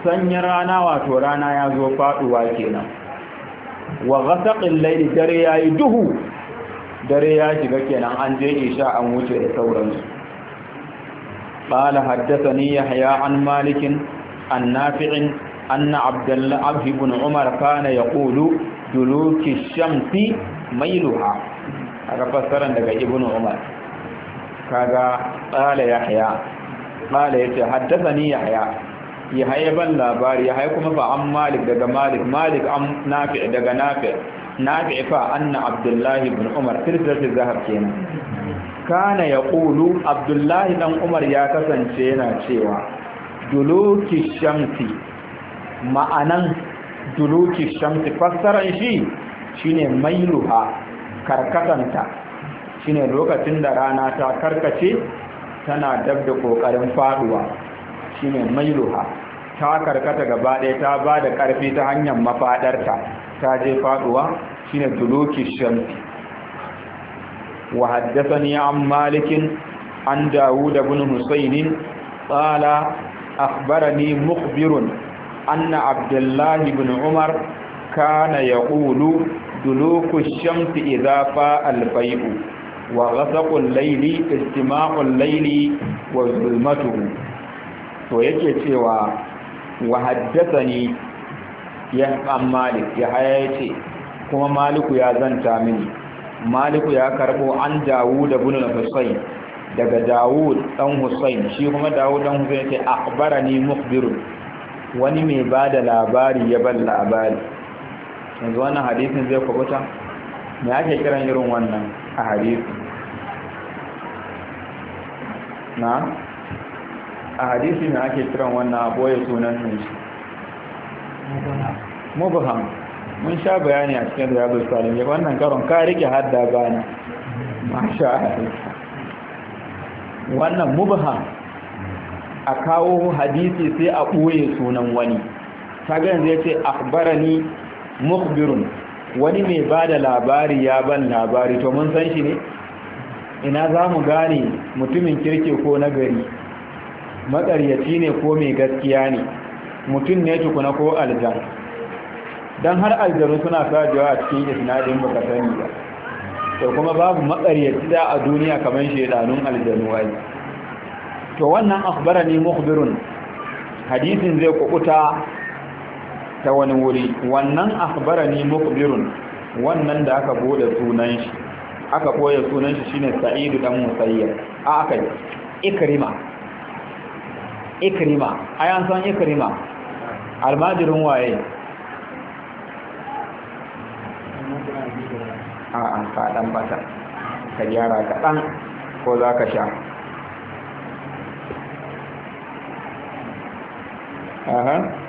sanya rana wato rana ya zo faɗuwa kenan wa ghasaqil layli dare yayi duhu dare ya shiga kenan an je isha an wuce da sauransu qala haddathani yahya an malikin, an nafi' anna abdullah ibn umar kana yaqulu duluki shamsi mailuha aka fassaran daga ibn umar kaga qala yahya qala yace haddathani yahya yahya ban labari yahya kuma ba an malik daga malik malik an nafi daga nafi nafi fa anna abdullah ibn umar silsilatul zahab kenan kana yaqulu abdullah dan umar ya kasance yana cewa duluki shamsi ma'anan duluki shamsi fassaran shi shine mailuha karkatanta ne lokacin da rana ta karkace tana dab da kokarin faduwa shine mailuha ta karkata gaba ɗaya ta ba da ƙarfi ta hanyar mafaɗarta ta je faduwa shine tuluki shamsi wa ni an malikin an dawud ibn husayn qala mukbirun an anna Abdullahi bin umar kana yaqulu duluku shamsi idza fa al wa ghasaqu al-layli istima'u wa zulmatuhu to yake cewa wa haddathani ya malik ya ce. kuma maliku ya zanta mini maliku ya karɓo an dawo da bunin Husain. daga dawo ɗan Husain. shi kuma dawud dan husayn akbara ne mukhbirun wani mai ba da labari ya ban labari yanzu wannan hadisin zai kubuta me ake kiran irin wannan a hadisi na a hadisi me ake kiran wannan a boye sunan shi mubham mun sha bayani a cikin riyadus salim wannan karon ka rike hadda bana masha wannan mubham a kawo hadisi sai a ɓoye sunan wani ta yanzu zai ce akbarani mukbirun wani mai ba da labari ya ban labari to mun san shi ne ina za mu gane mutumin kirki ko nagari matsaryaci ne ko mai gaskiya ne mutum ne tukuna ko aljan don har aljanu suna sajewa a cikin isnadin baka sani ba to kuma babu matsaryaci da a duniya kamar shedanun aljanu wai to wannan akhbara ne hadisin zai kubuta ta wani wuri wannan ne mukbirun wannan da aka bude sunan shi aka koya sunan shi shine sa'id dan Musayyar. a aka ikrima ikrima ayan san ikrima almajirin waye a an fadan bata ka gyara kaɗan ko za ka sha Uh-huh.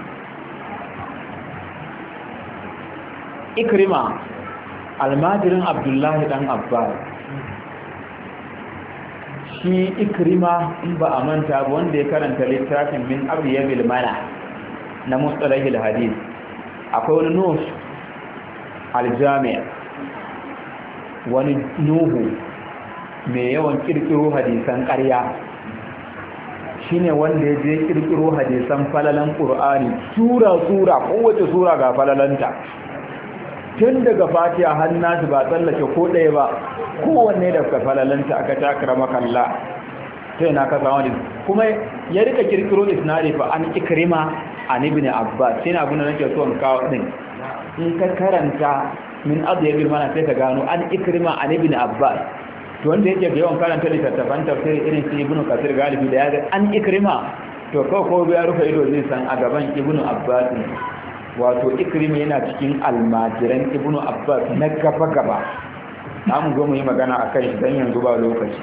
ikrima almajirin abdullahi dan abbas shi ikrima in ba a manta ba wanda ya karanta littafin min abiyabil mana na mustalahil hadith akwai wani nus aljami'a wani nuhu mai yawan kirkiro hadisan ƙarya ne wanda ya je kirkiro hadisan falalan ƙur'ani tura sura kowace sura ga falalanta tun daga fatiya har su ba tsallake ko ɗaya ba kowanne da falalanta aka takara makalla sai na kasa wani kuma ya rika kirkiro isnadi fa an ikrima a ibn abbas sai na abin nake so kawo din in ka karanta min azyabil na sai ka gano an ikrima a ibn abbas to wanda yake da yawan karanta littattafan tafsiri irin su ibn kasir galibi da ya ga an ikrima to kawai ko ya rufe ido zai san a gaban ibn abbas wato ikrim yana cikin almajiran ibnu abbas na gaba-gaba na mu zo mu yi magana a kan shi don yanzu ba lokaci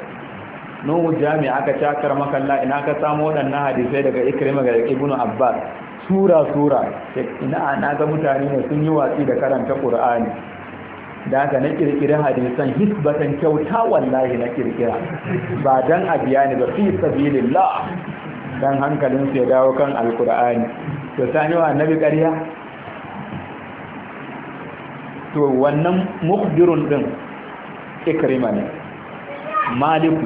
nuhu Jami'a aka cakar makalla ina ka samu waɗannan hadisai daga ikrim ga ibnu abbas sura-sura ina na ga mutane ne sun yi watsi da karanta qur'ani da haka na ƙirƙira hadisan hisbatan kyauta wallahi na ƙirƙira ba dan a biya ba fi sabilillah hankalin su ya dawo kan alqur'ani to sani wa annabi ƙarya to wannan mukhbirun din ikrima ne maliku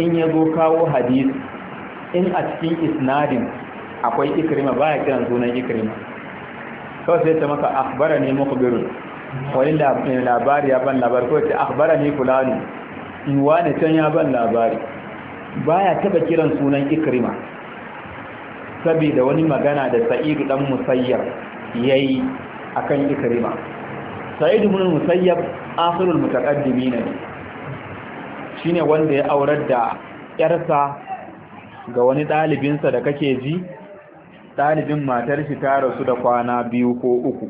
in ya zo kawo hadisi in a cikin isnadin akwai ikrima ya kiran sunan ikrima kawai sai ta maka akbara ne mukhbirun wani eh, labari ya ban labari ko ta akbara ne fulani in wani can ya ban labari baya taba kiran sunan ikrima Sabida wani magana da sa'idu dan musayyar yayi akan ikrima sa'id ibn musayyab ne Shi ne wanda ya aurar da yarsa ga wani ɗalibinsa da kake ji ɗalibin matar shi ta rasu da kwana biyu ko uku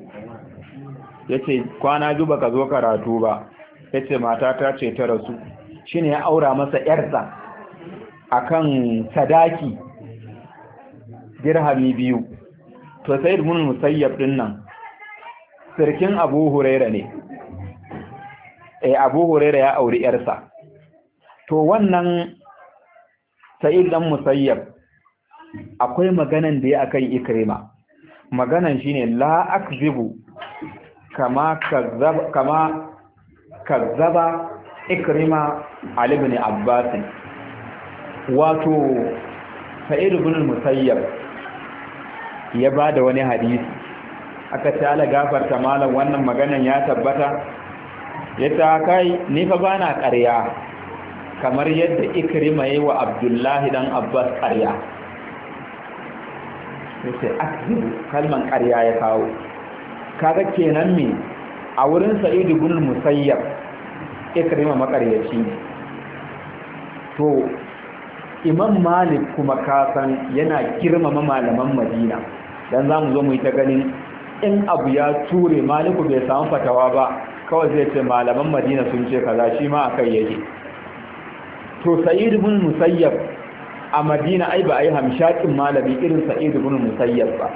Ya ce kwana biyu ba ka zo karatu ba Ya ce mata ta ce ta rasu ne ya aura masa yarsa akan sadaki dirhami biyu to sai munin musayyab dinnan. nan sirkin abu huraira ne e abu huraira ya auri yarsa to wannan sa'id dan musayyab akwai maganan da ya akan ikrima maganan shine la akzibu kama kazzaba kama kazzaba ikrima ali ibn abbas wato sa'id ibn musayyab ya bada wani hadisi aka tala ala gafarta malam wannan maganan ya tabbata ya ta kai ni fa bana ƙarya kamar yadda ikrima yi wa abdullahi dan abbas ƙarya ya ce kalman ƙarya ya kawo kaga kenan me a wurin sa'idu ibn musayyab ikrima makaryaci to imam malik kuma kasan yana girmama malaman madina dan zamu zo mu yi ta ganin in abu ya ture maliku bai samu fatawa ba kawai zai ce malaman madina sun ce kaza shi ma akai yake to sa'id ibn musayyab a madina ai ba ai hamshakin malami irin sa'id ibn musayyab ba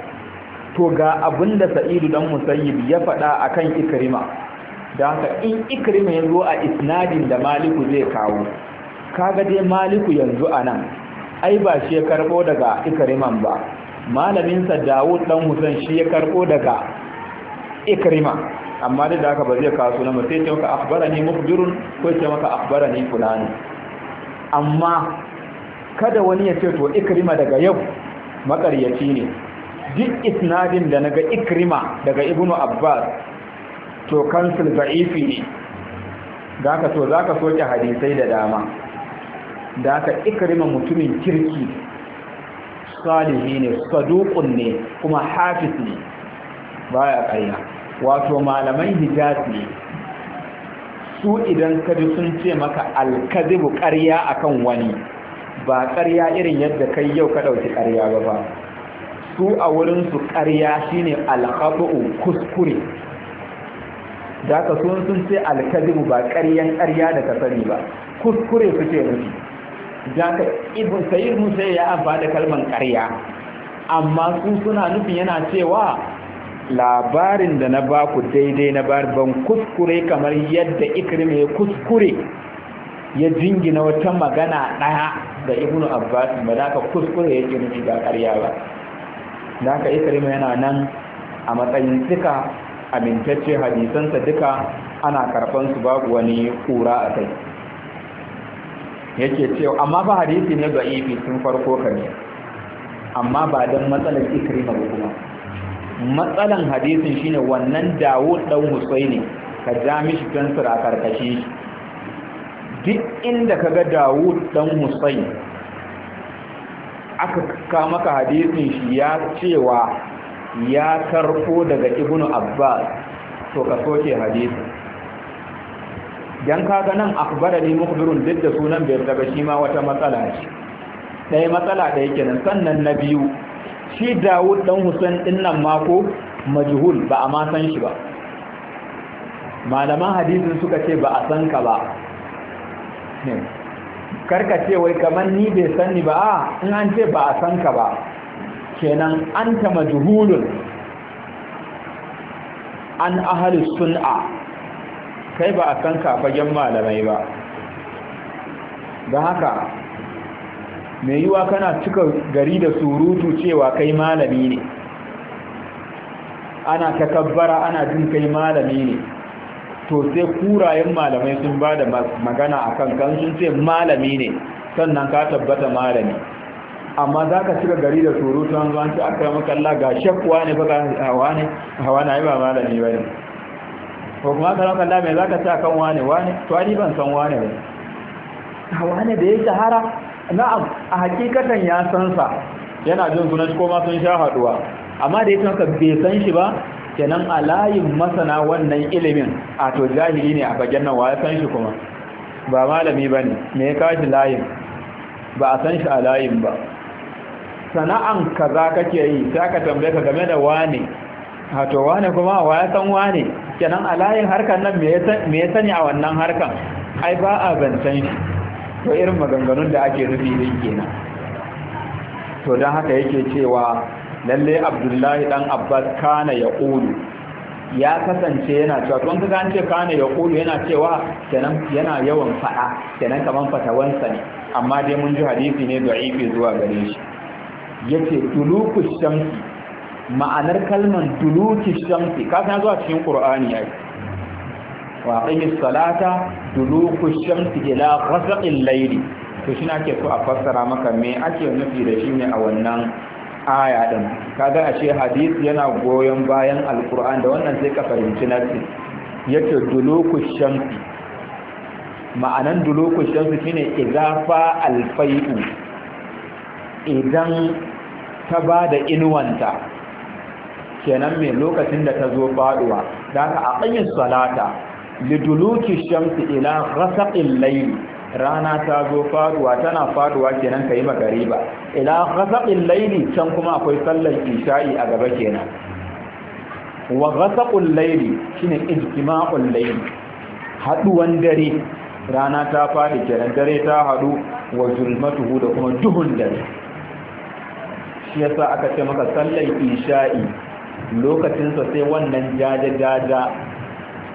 to ga abinda sa'id dan musayyib ya faɗa akan ikrima da haka in ikrima ya zo a isnadin da maliku zai kawo kaga dai maliku yanzu anan ai ba shi ya karbo daga ikriman ba malaminsa dawud dan husain shi ya karbo daga ikrima amma duk da haka ba zai kawo sunan sai ce maka akhbarani mukhbirun ko ce maka akhbarani fulani amma kada wani ya ce to ikrima daga yau makaryaci ne duk isnadin da naga ikrima daga ibnu abbas to kansul za'ifi ne zaka ka so za ka soke hadisai da dama da ka ikrima mutumin kirki salihi ne saduqun ne kuma hafiz ne baya ƙarya wato malaman hijaz ne su idan kaji sun ce maka alkazibu ƙarya akan wani ba ƙarya irin yadda kai yau ka ɗauki ƙarya ba ba su a wurin su ƙarya shine alhaɓu kuskure da ka sun sun ce alkazibu ba ƙaryan ƙarya da ka sani ba kuskure su ce nufi zaka ibn sayyid musa ya amfani da kalmar ƙarya amma su suna nufin yana cewa labarin da na baku daidai na bar ban kuskure kamar yadda ikrim ya kuskure ya jingina wata magana ɗaya da ibnu abbas ba da ka kuskure ya nufi ba ƙarya ba da ka ikrim yana nan a matsayin duka amintacce hadisansa duka ana karɓansu babu wani kura a kai yake cewa amma ba hadisi ne da ifi farko ka ne amma ba don matsalar ikrima ba kuma matsalan hadisin shine wannan dawud dan husaini ka ja mishi dan sura karkashi duk inda kaga dawud dan husaini aka ka maka hadisin shi ya cewa ya karko daga ibnu abbas to ka soke hadisin dan kaga nan akbara mukhbirun duk da sunan bai daga shi ma wata matsala ce ɗaya matsala da yake nan sannan na biyu shi Dawud dan husain din nan mako majhul ba a ma san shi ba malaman hadisin suka ce ba a san ka ba karka ce wai kamar ni bai san ni ba a in an ce ba a san ka ba kenan anta majhulun an ahlus sun'a kai ba a san kafagen malamai ba don haka mai yiwa kana cika gari da surutu cewa kai malami ne ana takabbara ana jin kai malami ne to sai kurayen malamai sun ba da magana a kan kan sun ce malami ne sannan ka tabbata malami amma za ka cika gari da surutu an zuwanci a kai makalla ga shakwa ne baka hawa ne hawa na yi ba malami ba ne ko kuma aka rauka lamai za ka sa kan wane wane tuwari ban san wane ne a wane da ya hara na'am a hakikatan ya san sa yana jin sunan shi ko ma sun sha haduwa amma da ya san ka bai san shi ba kenan a layin masana wannan ilimin a to jahili ne a fagen nan wa ya san shi kuma ba malami ba ne me ya kashi layin ba a san shi a layin ba sana'an kaza kake yi sai ka tambaye ka game da wane a to wane kuma wa ya san wane kenan a layin harkar nan me ya sani a wannan harkar ai ba a zancen shi to irin maganganun da ake nufi din kenan to don haka yake cewa lalle abdullahi dan abbas kana ya ƙulu ya kasance yana cewa tun ka an ce kana ya ƙulu yana cewa kenan yana yawan faɗa kenan kaman fatawansa ne amma dai mun ji hadisi ne da'ifi zuwa gare shi yace tuluku shamsi ma'anar kalman duluki shamsi ka san zuwa cikin qur'ani yi wa aqimi salata duluku shamsi ila ghasaqil layli to shi nake so a fassara maka me ake nufi da shi ne a wannan aya din kaga ashe hadisi yana goyon bayan alqur'an da wannan sai ka fahimci nasi yake duluku shamsi ma'anan duluku shamsi shine izafa alfai'u idan ta ba da inuwanta kenan mai lokacin da ta zo faduwa da aka aqim salata liduluki shamsi ila rasaƙin laili. rana ta zo faduwa tana faduwa kenan kai magariba ila rasaƙin laili can kuma akwai sallar isha'i a gaba kenan wa laili shi ne ijtima'ul laili. Haɗuwan dare rana ta faɗi kenan dare ta haɗu wa zulmatuhu da kuma duhun dare shi yasa aka ce maka sallar isha'i lokacinsa sai wannan jaja-jaja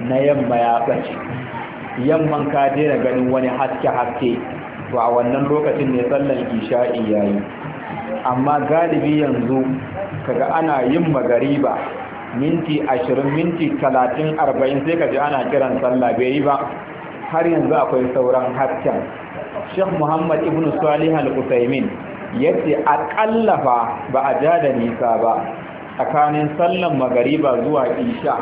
na yamma ya ɓace yamman ka daina ganin wani haske-haske to a wannan lokacin ne sallan isha'i ya yi amma galibi yanzu kaga ana yin magariba minti ashirin minti talatin arba'in sai kaji ana kiran sallah bai yi ba har yanzu akwai sauran hasken sheikh muhammad ibn salih al-usaimin yace a fa ba a ja da nisa ba tsakanin sallan magariba zuwa isha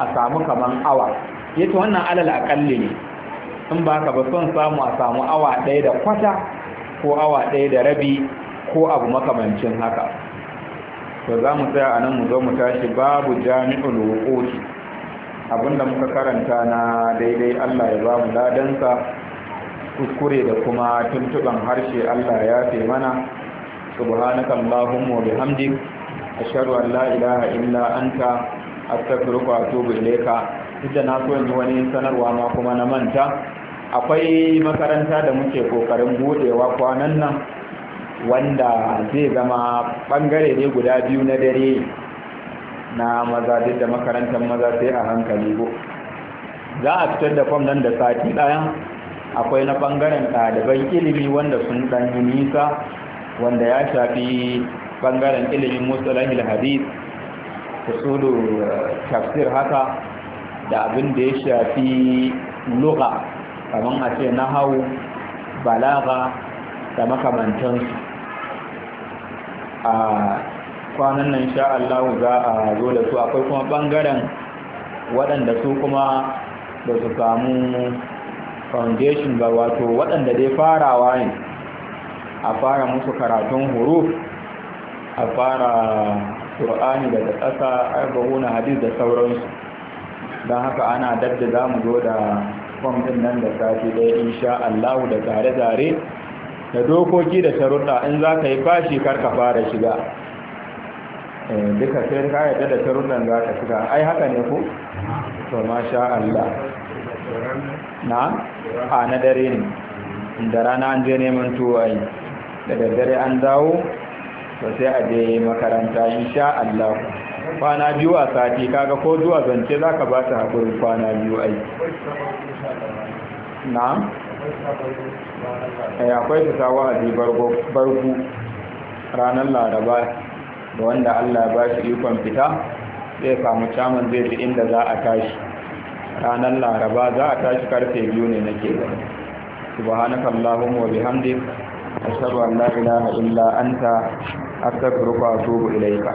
a samu kaman awa ya wannan alal akalli ne in ba ka ba son samu a samu awa ɗaya da kwata ko awa ɗaya da rabi ko abu makamancin haka to za mu tsaya a nan mu zo mu tashi babu jami'ul wuquti abinda muka karanta na daidai Allah ya ba mu ladansa kuskure da kuma tuntuban harshe Allah ya fi mana subhanakallahumma wa bihamdika a an la ilaha illa anta astaghfiruka wa atubu ilayka duk na so in yi wani sanarwa ma kuma na manta akwai makaranta da muke kokarin budewa kwanan nan wanda zai zama bangare ne guda biyu na dare na maza duk da makarantar maza sai a hankali go za a fitar da fam nan da sati daya akwai na bangaren ɗaliban ilimi wanda sun ɗan nisa wanda ya shafi bangaren ilimin mutsalahil hadith usulu tafsir haka da abin da ya shafi lugha kamar a ce hau balaga da su a kwanan nan sha Allah za a zo da su akwai kuma bangaren waɗanda su kuma da su samu foundation ba wato waɗanda dai farawa ne a fara musu karatun huruf a fara ƙur'ani daga ƙasa na hadis da sauransu don haka ana dadda za mu zo da fom ɗin nan da safi ɗaya insha Allah da zare-zare, da dokoki da sharuɗa in za ka yi fashi kar ka fara shiga eh, duka sai ka yadda da sharuɗan za ka shiga ai haka ne ko to masha Allah na a na dare ne da rana an je neman tuwo ayi, da daddare an dawo to sai a je makaranta insha Allah kwana biyu a sati kaga ko zuwa zance zaka ba ta hakuri kwana biyu ai Na. ai eh, akwai ta sawa a bargo barku ranar laraba da wanda Allah ba shi ikon fita zai samu caman zai ji inda za a tashi ranar laraba za a tashi karfe biyu ne nake gani subhanakallahumma wa bihamdik ashhadu an la ilaha illa anta astaghfiruka wa atubu ilaika